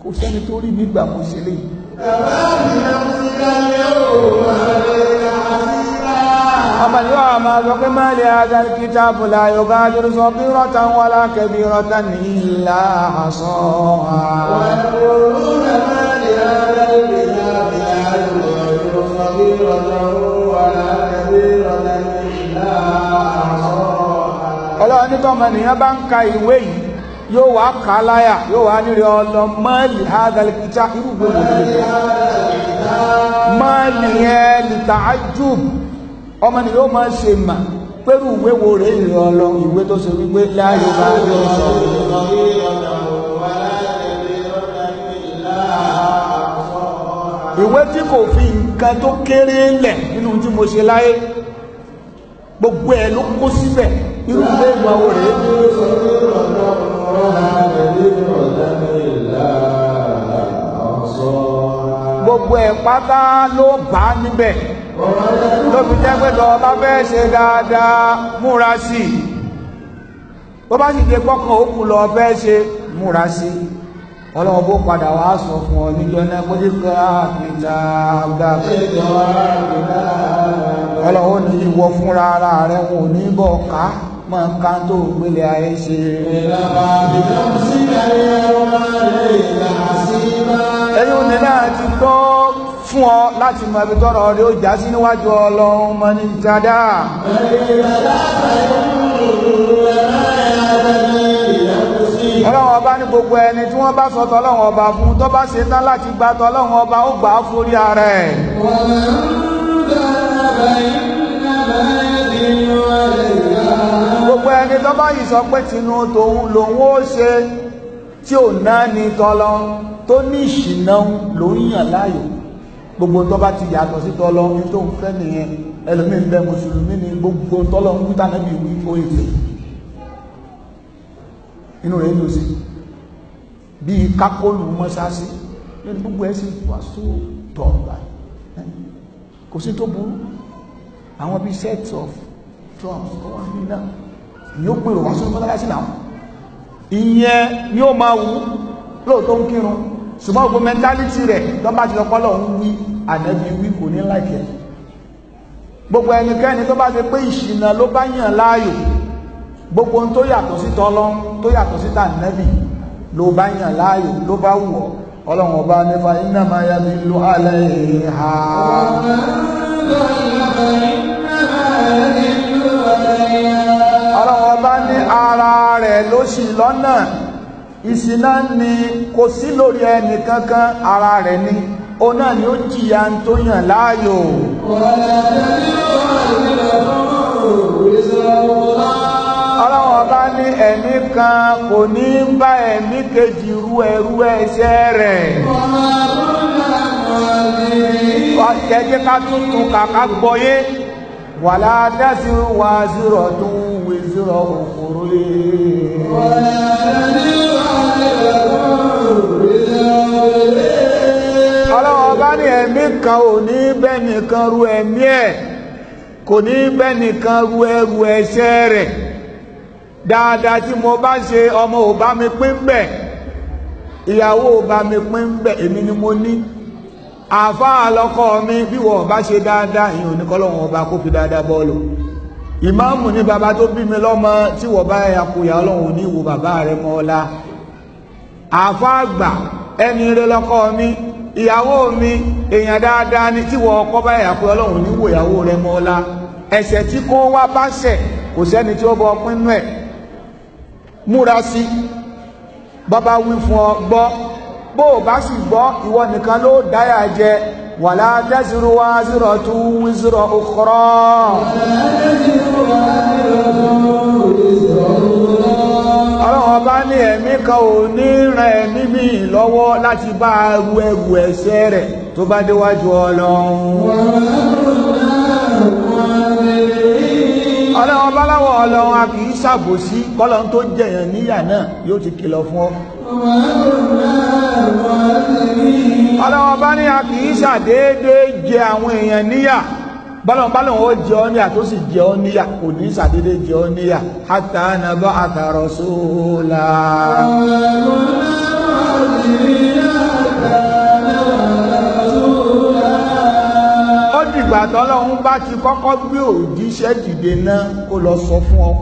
kò sẹ́ni tó rí mi gbà mo ṣe léyìí. ọmọ ni wọ́n máa sọ pé má lè adal kitabu la yughadiru saghiratan wala kabiratan illa ahsaha. wọ́n ń bọ̀ lórí má lè adal kitabu la yughadiru saghiratan. ọlọ́run ní tọ́mọ nìyẹn bá ń ka ìwé yìí yóò wá kà á láyà yóò wá nírí ọlọ mọ́ọ̀lì àdàlẹ́kìtà irúgbó lòlòlò mọ́ọ̀lì yẹn lìtà ájú ọmọ nìyẹn ó máa ṣe mà pẹ̀lú ìwé wo rèé ìrìn ọlọ ìwé tó ṣe wípé láyé bá yọ sọ. ìwé tí kò fi nǹkan tó kéré lẹ̀ nínú tí mo ṣe láyé gbogbo ẹ̀ ló kó síbẹ̀ irú ìwé ìwà wo rèé. gbogbo ẹ̀ pátá ló bá níbẹ̀ lóbi jẹ́ pé lọ bá fẹ́ ṣe dáadáa múra sí i bó bá sì dé pọ́kàn òkú lọ fẹ́ ṣe múra sí i ọlọ́wọ́ bó padà wá sọ fún ọ níjọ náà kó díkà àpìta àgbà ọlọ́wọ́ ní ìwọ fúnra ara rẹ̀ wò ní bọ̀ ká máa ń ká tó gbélé ayé ṣe. ìlànà ìdáhùn sí ayé ọmọ rẹ̀ ìlànà sí bá. ẹni òní náà ti gbọ́ fún ọ láti mọ ibi tọrọ rẹ ó já sí níwájú Ọlọ́run mọ ní jádá. Ọlọ́run ọba ní gbogbo ẹni tí wọ́n bá sọ tọ́lọ́run ọba fún tó bá ṣe tán láti gba tọ́lọ́run ọba ó gbà á forí ara ẹ̀. wọ́n máa ń dára báyìí náà báyìí nínú ọ̀rẹ́ gbogbo ẹni tó bá yìí sọ pé tinú tòun lòun ó ṣe tí ò náà ní tọlọ tó ní ìṣìnà ló ń yàn láàyò gbogbo tó bá ti yàtọ̀ sí tọlọ ní tó ń fẹ́ nìyẹn ẹlòmíín bẹ mùsùlùmí ni gbogbo tọlọ ń kúta níbi ìwé orí ìfẹ́ inú rẹ̀ ló sí bíi kákólù mọ́sáàsì ní gbogbo ẹ̀ sì wà sóòtọ̀ ọ̀gbà kò sí tó burú àwọn bíi set of drums ó wà nílẹ̀ náà yóò pèrò wá sórí mọ́sálásí náà ìyẹn ni ó máa wù lóòótọ́ ń kírun ṣùgbọ́n gbogbo mẹ́ntálítì rẹ̀ lọ́ba ti lọ́pọ́ lọ́hún wí ànábi wí kò ní láìpẹ́ gbogbo ẹnikẹ́ni tó bá ṣe pé ìṣìnà ló bá yàn láàyò gbogbo ohun tó yàtọ̀ sí tọ́lọ́n tó yàtọ̀ sí tànẹ́bì ló bá yàn láàyò ló bá wù ọ́ ọlọ́run ọba nípa iná máa yá mi lo alẹ́ ìhà. ọ̀rọ̀ náà lọ́yìn náà ní ọlọ́run ọba ní ara rẹ̀ ló ṣì lọ́nà ìsiná ni kò sí lórí ẹnì kankan ara rẹ̀ ni òun náà ni ó jìyà ń tó yàn láàyò. ọlọ́run ọba ní ẹ̀mí kan kò ní bá ẹ̀mí kejì rú ẹrú ẹ̀ṣẹ̀ rẹ̀ ẹ̀jẹ̀ ká tuntun kàkà gbọ́yé. wàlá dẹ́sí wá zírọ̀ tó ń wé kan ò ní kan ru ẹ̀mí ẹ̀ kò ní bẹ́ni kan ru ẹrù ẹ̀ṣẹ̀ rẹ̀ dáadáa tí mo bá ṣe ọmọ ò bá mi pín ìyàwó ò bá ni Afa lọ́kọ́ mi bí wọ́n bá ṣe dáadáa ìyẹn oníkọ́lọ́wọ́n ọba kó fi dáadáa bọ́ọ̀lù ìmáàmù ní bàbá tó bí mi lọ́mọ tí wọ́n bá ẹ̀yà kò yà ọlọ́run ní ìwò bàbá rẹ̀ mọ́ ọlá àfáà àgbà ẹni rẹ lọ́kọ́ mi ìyàwó mi èèyàn dáadáa ni tí wọ́n ọkọ́ bá ẹ̀yà kò yà ọlọ́run ní ìwò ìyàwó rẹ̀ mọ́ ọlá ẹ̀ṣẹ̀ tí kò wá bá ṣẹ̀ kò sẹ́ni tí ó bọ pínú ẹ̀ múra sí bàbá wí fún ọ gbọ́ bó o bá sì gbọ́ ìwọ nìkan ló dáyà jẹ wàlá tẹ́sìrú wá zírọ̀ tó wíṣírọ̀ òkúrọ̀ ọlọ́run ọba ní ẹ̀mí kan ò ní ràn ẹ̀mí mi lọ́wọ́ láti bá ru ẹrù ẹ̀ṣẹ̀ rẹ̀ tó bá déwájú ọlọ́run ọlọ́run ọba láwọ̀ ọlọ́run a kì í ṣàbòsí kọ́lọ́run tó jẹ̀yàn níyà náà yóò ti kìlọ̀ fún ọ ọlọ́wọ́ bá ní a kìí ṣàdédé jẹ àwọn èèyàn níyà bọ́lọ̀bọ́lọ̀ ó jẹ ọ́ níyà tó sì jẹ ọ́ níyà kò ní ṣàdédé jẹ ọ́ níyà hatta nab'atha rasula ó dìgbà tọ́lọ́hun bá ti kọ́kọ́ gbé òjíṣẹ́ dìde náà kó lọ sọ fún ọ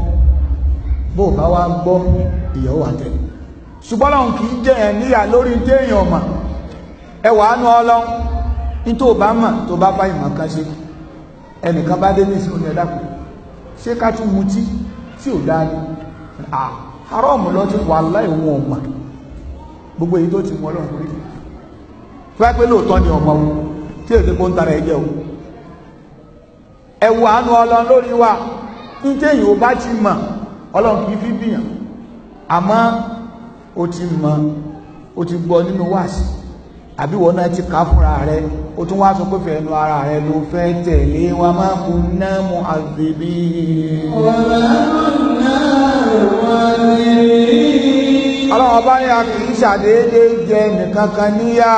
bó bá wá gbọ́ ìyàwó àtẹ̀lẹ̀ ṣùgbọ́n lọ́hùn kì í jẹ ẹ̀ níyà lórí téèyàn mọ̀ ẹwà wàá nu ní tó bá mọ̀ tó bá bá ìmọ̀ kan ṣe ẹnìkan bá dé ní ìsìn oníyẹn dàpọ̀ ṣé ká tún tí ò dáa ni lọ ti wà láì ọ̀mà gbogbo èyí tó ti mú fẹ́ pé lóòótọ́ ni ọmọ tí èdè kó ń tara ẹ ẹwà lórí wa ní bá ti mọ̀ fi bìyàn àmọ́ ó ti mọ ó ti gbọ́ nínú wáàsí àbí wọn náà ti kà fúnra rẹ ó tún wá sọ pé fẹ̀ẹ́nu ara rẹ ló fẹ́ tẹ̀lé wa máa kú náà mú àgbèbí. ọlọ́run ọba ní a kì í ṣàdédé jẹ nìkan kan níyà.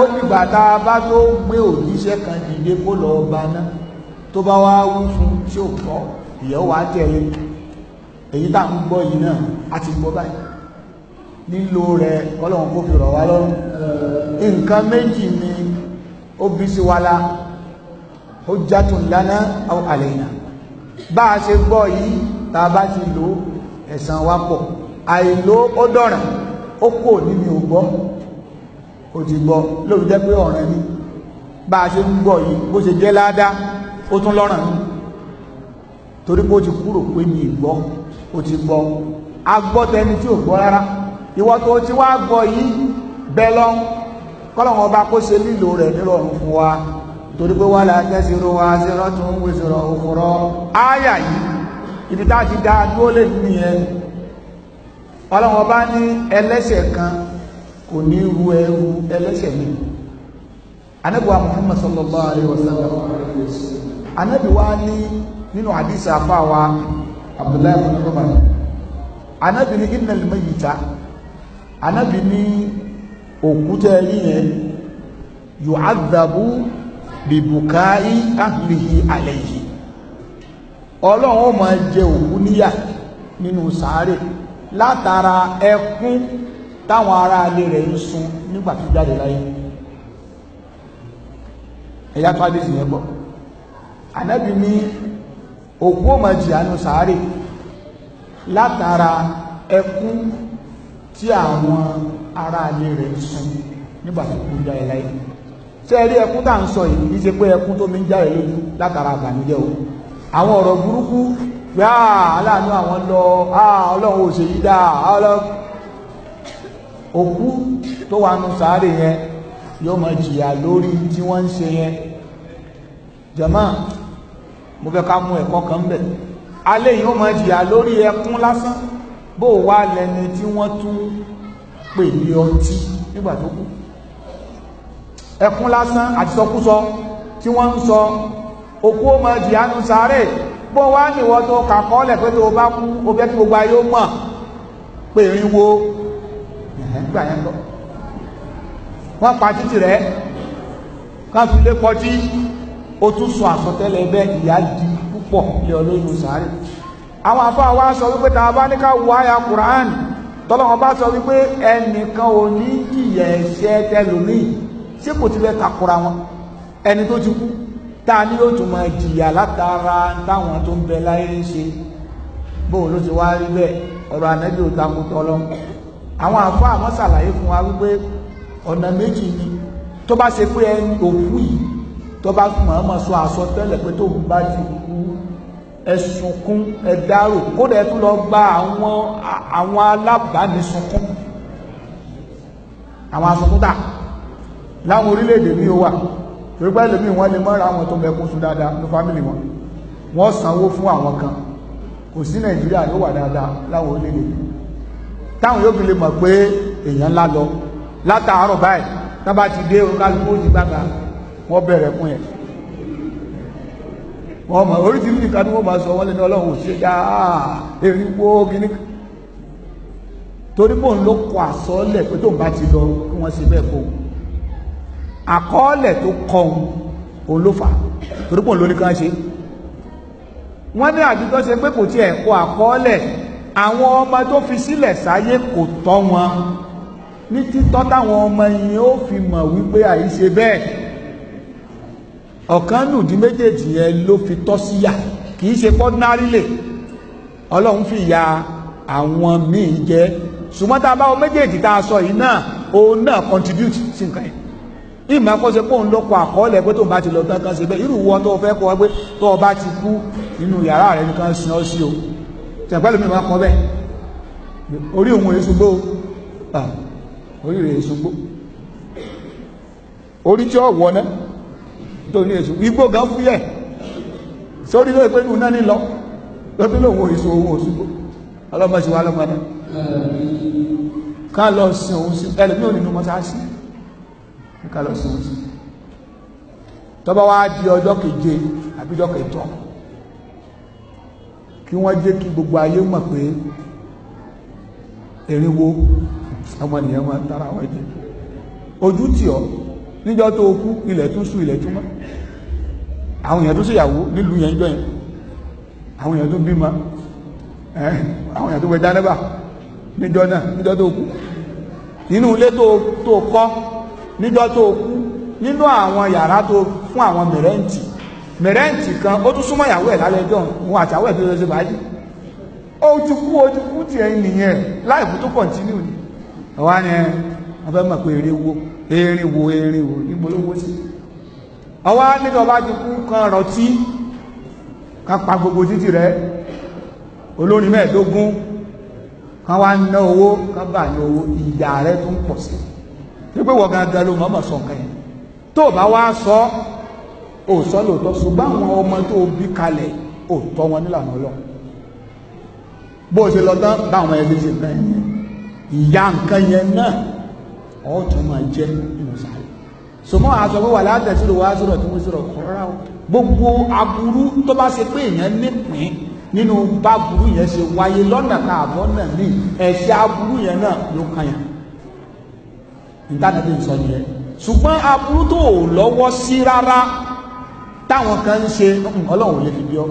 ó dìgbà tá bá tó gbé òjíṣẹ́ kan dìde kó lọ́ọ́ baná tó bá wá wí fún tí ò gbọ́. ìyàwó wa tẹ̀lé èyí tá ń gbọ́ yìí náà a ti gbọ́ báyìí nílò rẹ̀ kọ́lọ́hún kó fi rọ̀ wá lọ́rùn nǹkan méjì ni ó bí sí wa la ó játùn lánà àwọn àlẹ́yìn bá a ṣe gbọ́ yìí tá a bá ti lò ẹ̀san wa pọ̀ àìlò ó dọ̀ràn ó kò níbi ò gbọ́ ti gbọ́ lórí jẹ́ pé ọ̀ràn ni bá a ṣe ń gbọ́ yìí bó ṣe jẹ́ ládàá ó tún lọ́ràn ni torí pé ó ti kúrò pé mi gbọ́ ó ti gbọ́ agbọ́tẹni tí ò gbọ́ rárá ìwọ tó ti wá gbọ́ yìí bẹ́ẹ̀ lọ kọ́lọ́wọ́n ọba kó ṣe lílo rẹ̀ nírọ̀rùn fún wa torí pé wà látẹ́sìrò wa zero tó ń wé zero òfurọ́ áyà yìí ibi tá a ti dá dúró lè nìyẹn ọlọ́wọ́n ọba ní ẹlẹ́ṣẹ̀ kan kò ní ru ẹrú ẹlẹ́ṣẹ̀ mi anábìwá Muhammad sallallahu alayhi wa sallam anábìwá ní nínú àdìsí afáwa abdullahi ibn umar anabi ní innal mayyita anabi ní òkúta ẹni yẹn yu'adhabu bibukai ahlihi alayhi ọlọ́run ó máa jẹ òkú níyà nínú sàárè látara ẹkún táwọn ará ilé rẹ̀ ń sun nígbà tó jáde láyé ẹ̀yà tó adé sì yẹn gbọ́ anabi òkú ọmọ jìyànú sàárè látara ẹkún tí àwọn ará ilé rẹ̀ ń sun nígbà tó kú jáde láyé ṣé ẹ rí ẹkún tá à ń sọ yìí kì í ṣe pé ẹkún tó mi ń jáde lójú látara àbànújẹ́ o àwọn ọ̀rọ̀ burúkú pé aláàánú àwọn lọ ọlọ́run ò ṣe yí dáa ọlọ́run òkú tó wà nù sàárè yẹn yóò máa jìyà lórí tí wọ́n ń ṣe yẹn jàmáà mo fẹ́ ká mú ẹ̀kọ́ kan bẹ̀ alẹ́ yìí ó máa jìyà lórí ẹkún lásán bó wá lẹni tí wọ́n tún pè ní ọtí nígbà tó kú ẹkún lásán àti sọkúsọ tí wọ́n ń sọ òkú ó máa jìyà nù sáré bó wá nìwọ́ tó kàkọ́ọ́lẹ̀ pé tó bá kú ó fẹ́ kí gbogbo ayé ó mọ̀ pé ìrìnwó gbà yẹn lọ wọ́n pa títì rẹ̀ ká kọjí O tún sọ àsọtẹ́lẹ̀ bẹ́ẹ̀ ìyá di púpọ̀ lé olóyún sáré àwọn àfáà wa sọ wípé tá a bá ní ká wo àyà kùránì tọ́lọ́wọ́n bá sọ wípé ẹnìkan ò ní jìyà ẹ̀ṣẹ̀ tẹlòmíì ṣé kò ti fẹ́ takura wọn ẹni tó ti kú tá a ní yóò tún máa jìyà látara táwọn tó ń bẹ láyé ń ṣe bó ló ti wá rí bẹ́ẹ̀ ọ̀rọ̀ ànábì ò takò tọ́lọ́ àwọn àfáà wọn ṣàlàyé fún wa wípé ọ̀nà méjì ni tó bá ṣe pé ẹni òkú yìí tó bá mọ̀ọ́mọ̀ sọ àsọ tẹ́lẹ̀ pé tó bá ti kú ẹ sunkún ẹ dárò kódà ẹ tún lọ gba àwọn àwọn alábàánisọkún àwọn asọkúntà láwọn orílẹ̀-èdè mi ó wà torí pé ẹlòmíì wọ́n lè mọ́ra àwọn tó mẹ́kún sùn dáadáa ní fámìlì wọn wọ́n sanwó fún àwọn kan kò sí nàìjíríà ló wà dáadáa láwọn orílẹ̀-èdè táwọn yóò fi lè mọ̀ pé èèyàn ńlá lọ látàárọ̀ báyìí tábà ti dé oníkálukú ó gbàgbà wọ́n bẹ̀rẹ̀ fún ẹ̀ wọ́n mọ̀ oríṣiríṣi nǹkan tí wọ́n máa sọ wọ́n lé ní ọlọ́run ṣe já ah, eriwo gíní torí bóun ló kọ àsọọ́lẹ̀ pé tóun bá ti lọ kí wọ́n ṣe bẹ́ẹ̀ fóun àkọọ́lẹ̀ tó kọ òun òun ló fà torí bóun ló ní kán ṣe wọ́n ní àdúgbò ṣe pé kò tiẹ̀ kọ àkọọ́lẹ̀ àwọn ọmọ tó fi sílẹ̀ sáyé kò tọ́ wọn ní títọ́ táwọn ọmọ yìí ó fi mọ̀ wípé àìṣe bẹ́ẹ̀ ọ̀kan nù di méjèèjì yẹn ló fi tọ́ sí yà kì í ṣe pọ́dínárì lè ọlọ́run fi ya àwọn míì jẹ ṣùgbọ́n tá a bá wọn méjèèjì tá a sọ yìí náà òun náà contribute sí nǹkan yẹn ìmọ̀ akọ́ṣe pé òun ló kọ àkọọ́lẹ̀ pé tó bá ti lọ tán kan ṣe bẹ́ẹ̀ irú wọn tó fẹ́ kọ́ pé tó o bá ti kú inú yàrá rẹ nìkan sin ọ́ sí o tẹ̀pẹ́ lómi máa kọ́ bẹ́ẹ̀ orí òun èso gbó orí rẹ̀ èso gbó orí tí ó wọ̀ náà tóní èso igbó gan fúyẹ́ sórí lóye pé nùnà ní lọ lọ́tún lòun èso owó òṣùgbó ọlọ́mọṣẹ́ wa lọ́mọdé ká lọ sin òun sí ẹlẹ́mí ò nínú mọ́sáàsì ká lọ sin òun sí tọ́ba wa di ọjọ́ keje àbí ọjọ́ kẹjọ kí wọ́n jẹ́ kí gbogbo ayé mọ̀ pé èrè wo ọmọ nìyẹn máa tara wọn jẹ ojú tì ọ́ níjọ́ tó kú ilẹ̀ tún sùn ilẹ̀ tún mọ́ àwọn èèyàn tó ṣèyàwó nílùú yẹn jọ yẹn àwọn èèyàn tó bímọ àwọn èèyàn tó wẹ dánábà níjọ́ náà níjọ́ tó kú nínú ilé tó kọ́ níjọ́ tó kú nínú àwọn yàrá tó fún àwọn mẹ̀rẹ́ǹtì mẹ̀rẹ́ǹtì kan ó tún súnmọ́ ìyàwó ẹ̀ lálẹ́ jọ òun àtàwọ ẹ̀ tó lọ báyìí ó ti kú ó ti kú tiẹ̀ nìyẹn láìpù tó kọ̀ntínú ni ọ̀wá ni wọ́n fẹ́ mọ̀ pé eré wo erin wo erin wo níbo ló wó sí ọwọ́ nítorí ọba ti kú kan rọtí kan pa gbogbo títì rẹ olórin mẹ́ẹ̀ẹ́dógún kan wá ń ná owó kan bà ní owó ìyá rẹ tó ń pọ̀ sí i pé wọ́n gangan ló mọ̀ọ́mọ̀ sọ nǹkan yẹn tó o bá wá sọ ò sọ lóòótọ́ ṣùgbọ́n àwọn ọmọ tó bí kalẹ̀ ò tọ́ wọn nílànà ọlọ́run bó ṣe lọ tán báwọn ẹbí ṣe nǹkan yẹn ìyá nǹkan yẹn náà ọ̀tún máa jẹ́ nínú sáré sọmọ àṣọ pé wà látẹ̀sí ló wá sọ̀rọ̀ tó ń sọ̀rọ̀ kọ́ra o gbogbo aburú tó bá ṣe pé èèyàn nípìn nínú bá burú yẹn ṣe wáyé lọ́nà kan àbọ̀ náà ní ẹ̀ṣẹ̀ aburú yẹn náà ló kàn yàn ìtànàbí sọ nìyẹn ṣùgbọ́n aburú tó ò lọ́wọ́ sí rárá táwọn kan ń ṣe ọlọ́run lè fi bí ọ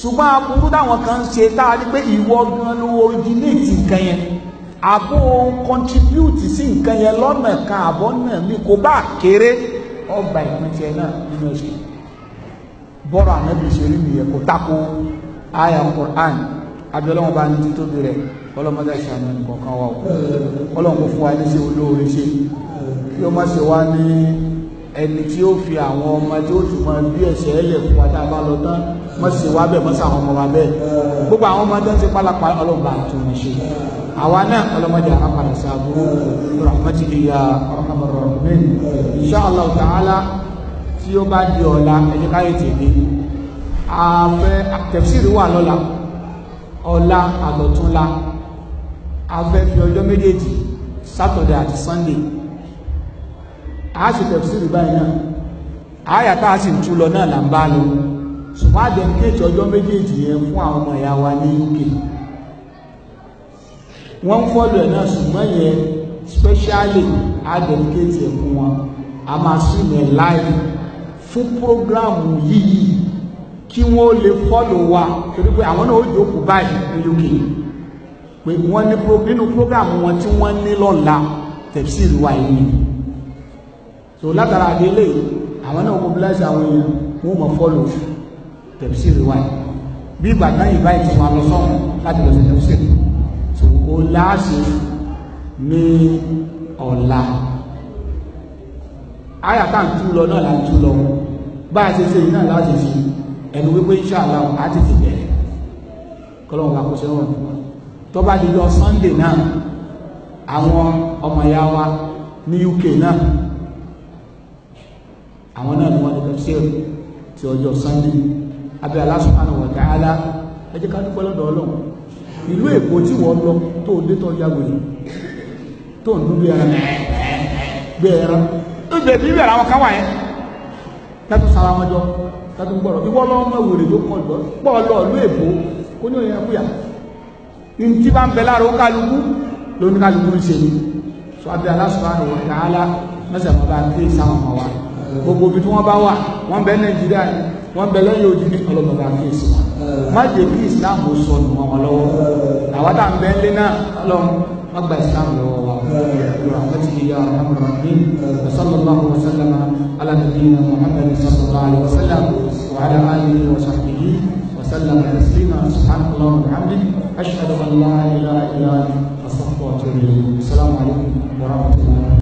ṣùgbọ́n aburú táwọn kan ń ṣe tá a rí pé ìwọ gan ló orí ní ìtìkan yẹn àbò contribute sí nǹkan yẹn lọ́nà kan àbọ̀ náà mi kò bá kéré ọgbà ìpín tiẹ̀ náà nínú oṣù bọ́rọ̀ ànábì ìṣèlú nìyẹn kò tako àyà Qur'an abiyọlọ́wọ́n bá ní títóbi rẹ̀ ọlọ́mọdé ṣàánú nìkọ̀ọ̀kan wà ó ọlọ́mọ fún wa ní ṣe olóore ṣe kí ó má ṣe wá ní ẹni tí ó fi àwọn ọmọ tí ó túnmọ̀ bí ẹ̀ṣẹ̀ ẹlẹ̀ fún wa tá a bá lọ tán mọ̀ sí wa bẹ́ẹ̀ mọ̀ sí àwọn ọmọ wa bẹ́ẹ̀ gbogbo àwọn ọmọ ń ṣe pálapàla ọlọ́mọba àti òun ṣe àwa náà ọlọ́mọdé àpàdà sàbúrú rahmatulahi ya rahman rahman insha allah ta'ala tí ó bá di ọ̀la ẹni káyé tèmi àfẹ́ tafsiri wà lọ́la ọ̀la àlọ́túnla afẹ́ fi ọjọ́ méjèèjì sátọ̀dẹ̀ àti sunday a sì tafsiri báyìí náà àyà tá a sì tú lọ náà là ń bá lọ ṣùgbọ́n àdẹ̀mí kéèjì ọjọ́ méjèèjì yẹn fún àwọn ọmọ ìyá wa ní uk wọ́n ń fọ́lù náà ṣùgbọ́n yẹn specially advocate ẹ̀ fún wọn a máa sùn yẹn live fún program yìí kí wọ́n lè fọ́lù wa torí pé àwọn náà ó jókòó báyìí ní UK pé wọ́n ní nínú prógráàmù wọn tí wọ́n ní lọ́la tẹ̀síìlú wa yìí so látara adélé àwọn náà mobilize àwọn èèyàn wọn ò mọ̀ fọ́lù tẹ̀síìlú wa yìí bí ìgbà náà ìbáyìí ti wọn lọ sọ́run láti lọ sí tẹ̀síìlú ó láàṣì ní ọ̀la ayàtà ń tú lọ náà la tú lọ bá a ṣe ṣe yìí náà láti fi ẹnu wípé insha Allah á ti fi bẹ̀rẹ̀ kọlọ́run wa ṣe wọ́n tó bá di lọ Sunday náà àwọn ọmọ ìyá wa ní UK náà àwọn náà ni wọ́n ti ṣe ti ọjọ́ Sunday abẹ́ Allah subhanahu wa ta'ala ẹ jẹ́ ká dúpẹ́ lọ́dọ̀ Ọlọ́run ìlú èkó tí wọ́n lọ tó dé tó ya wèrè tó ń dún bí ẹran bí ẹran ó jẹ bí bẹ̀rẹ̀ àwọn kan wà yẹn tẹ́tù sara wọn jọ tẹ́tù gbọ́dọ̀ ìwọ lọ́wọ́ mọ wèrè tó kọ lọ pọ̀ lọ ìlú èkó kó ní òyìn ẹkúyà ntí bá ń bẹ láàrọ̀ ó kálukú lóní kálukú ń ṣe sọ abẹ́ aláṣọ àrùn ọ̀tá alá mẹ́sàn bá ń tẹ́ sáwọn ọmọ wa gbogbo ibi tí wọ́n bá wà wọ́n bẹ nàìjíríà ni wọ́n bẹ lẹ́yìn odi ní ọlọ́mọba fèsì wọn má jẹ́ kí islam ó sọ nù wọn lọ́wọ́ àwọn tá à ń bẹ ńlé náà ọlọ́run wọ́n gba islam lọ́wọ́ wa rahmatullahi ya rahmatulahi wa sallallahu wa sallama ala nabiyina muhammad sallallahu alayhi wa sallam wa ala alihi wa sahbihi wa sallama taslima subhanahu wa bihamdihi ashhadu an la ilaha illa anta astaghfiruka wa atubu ilayk assalamu alaykum wa rahmatullahi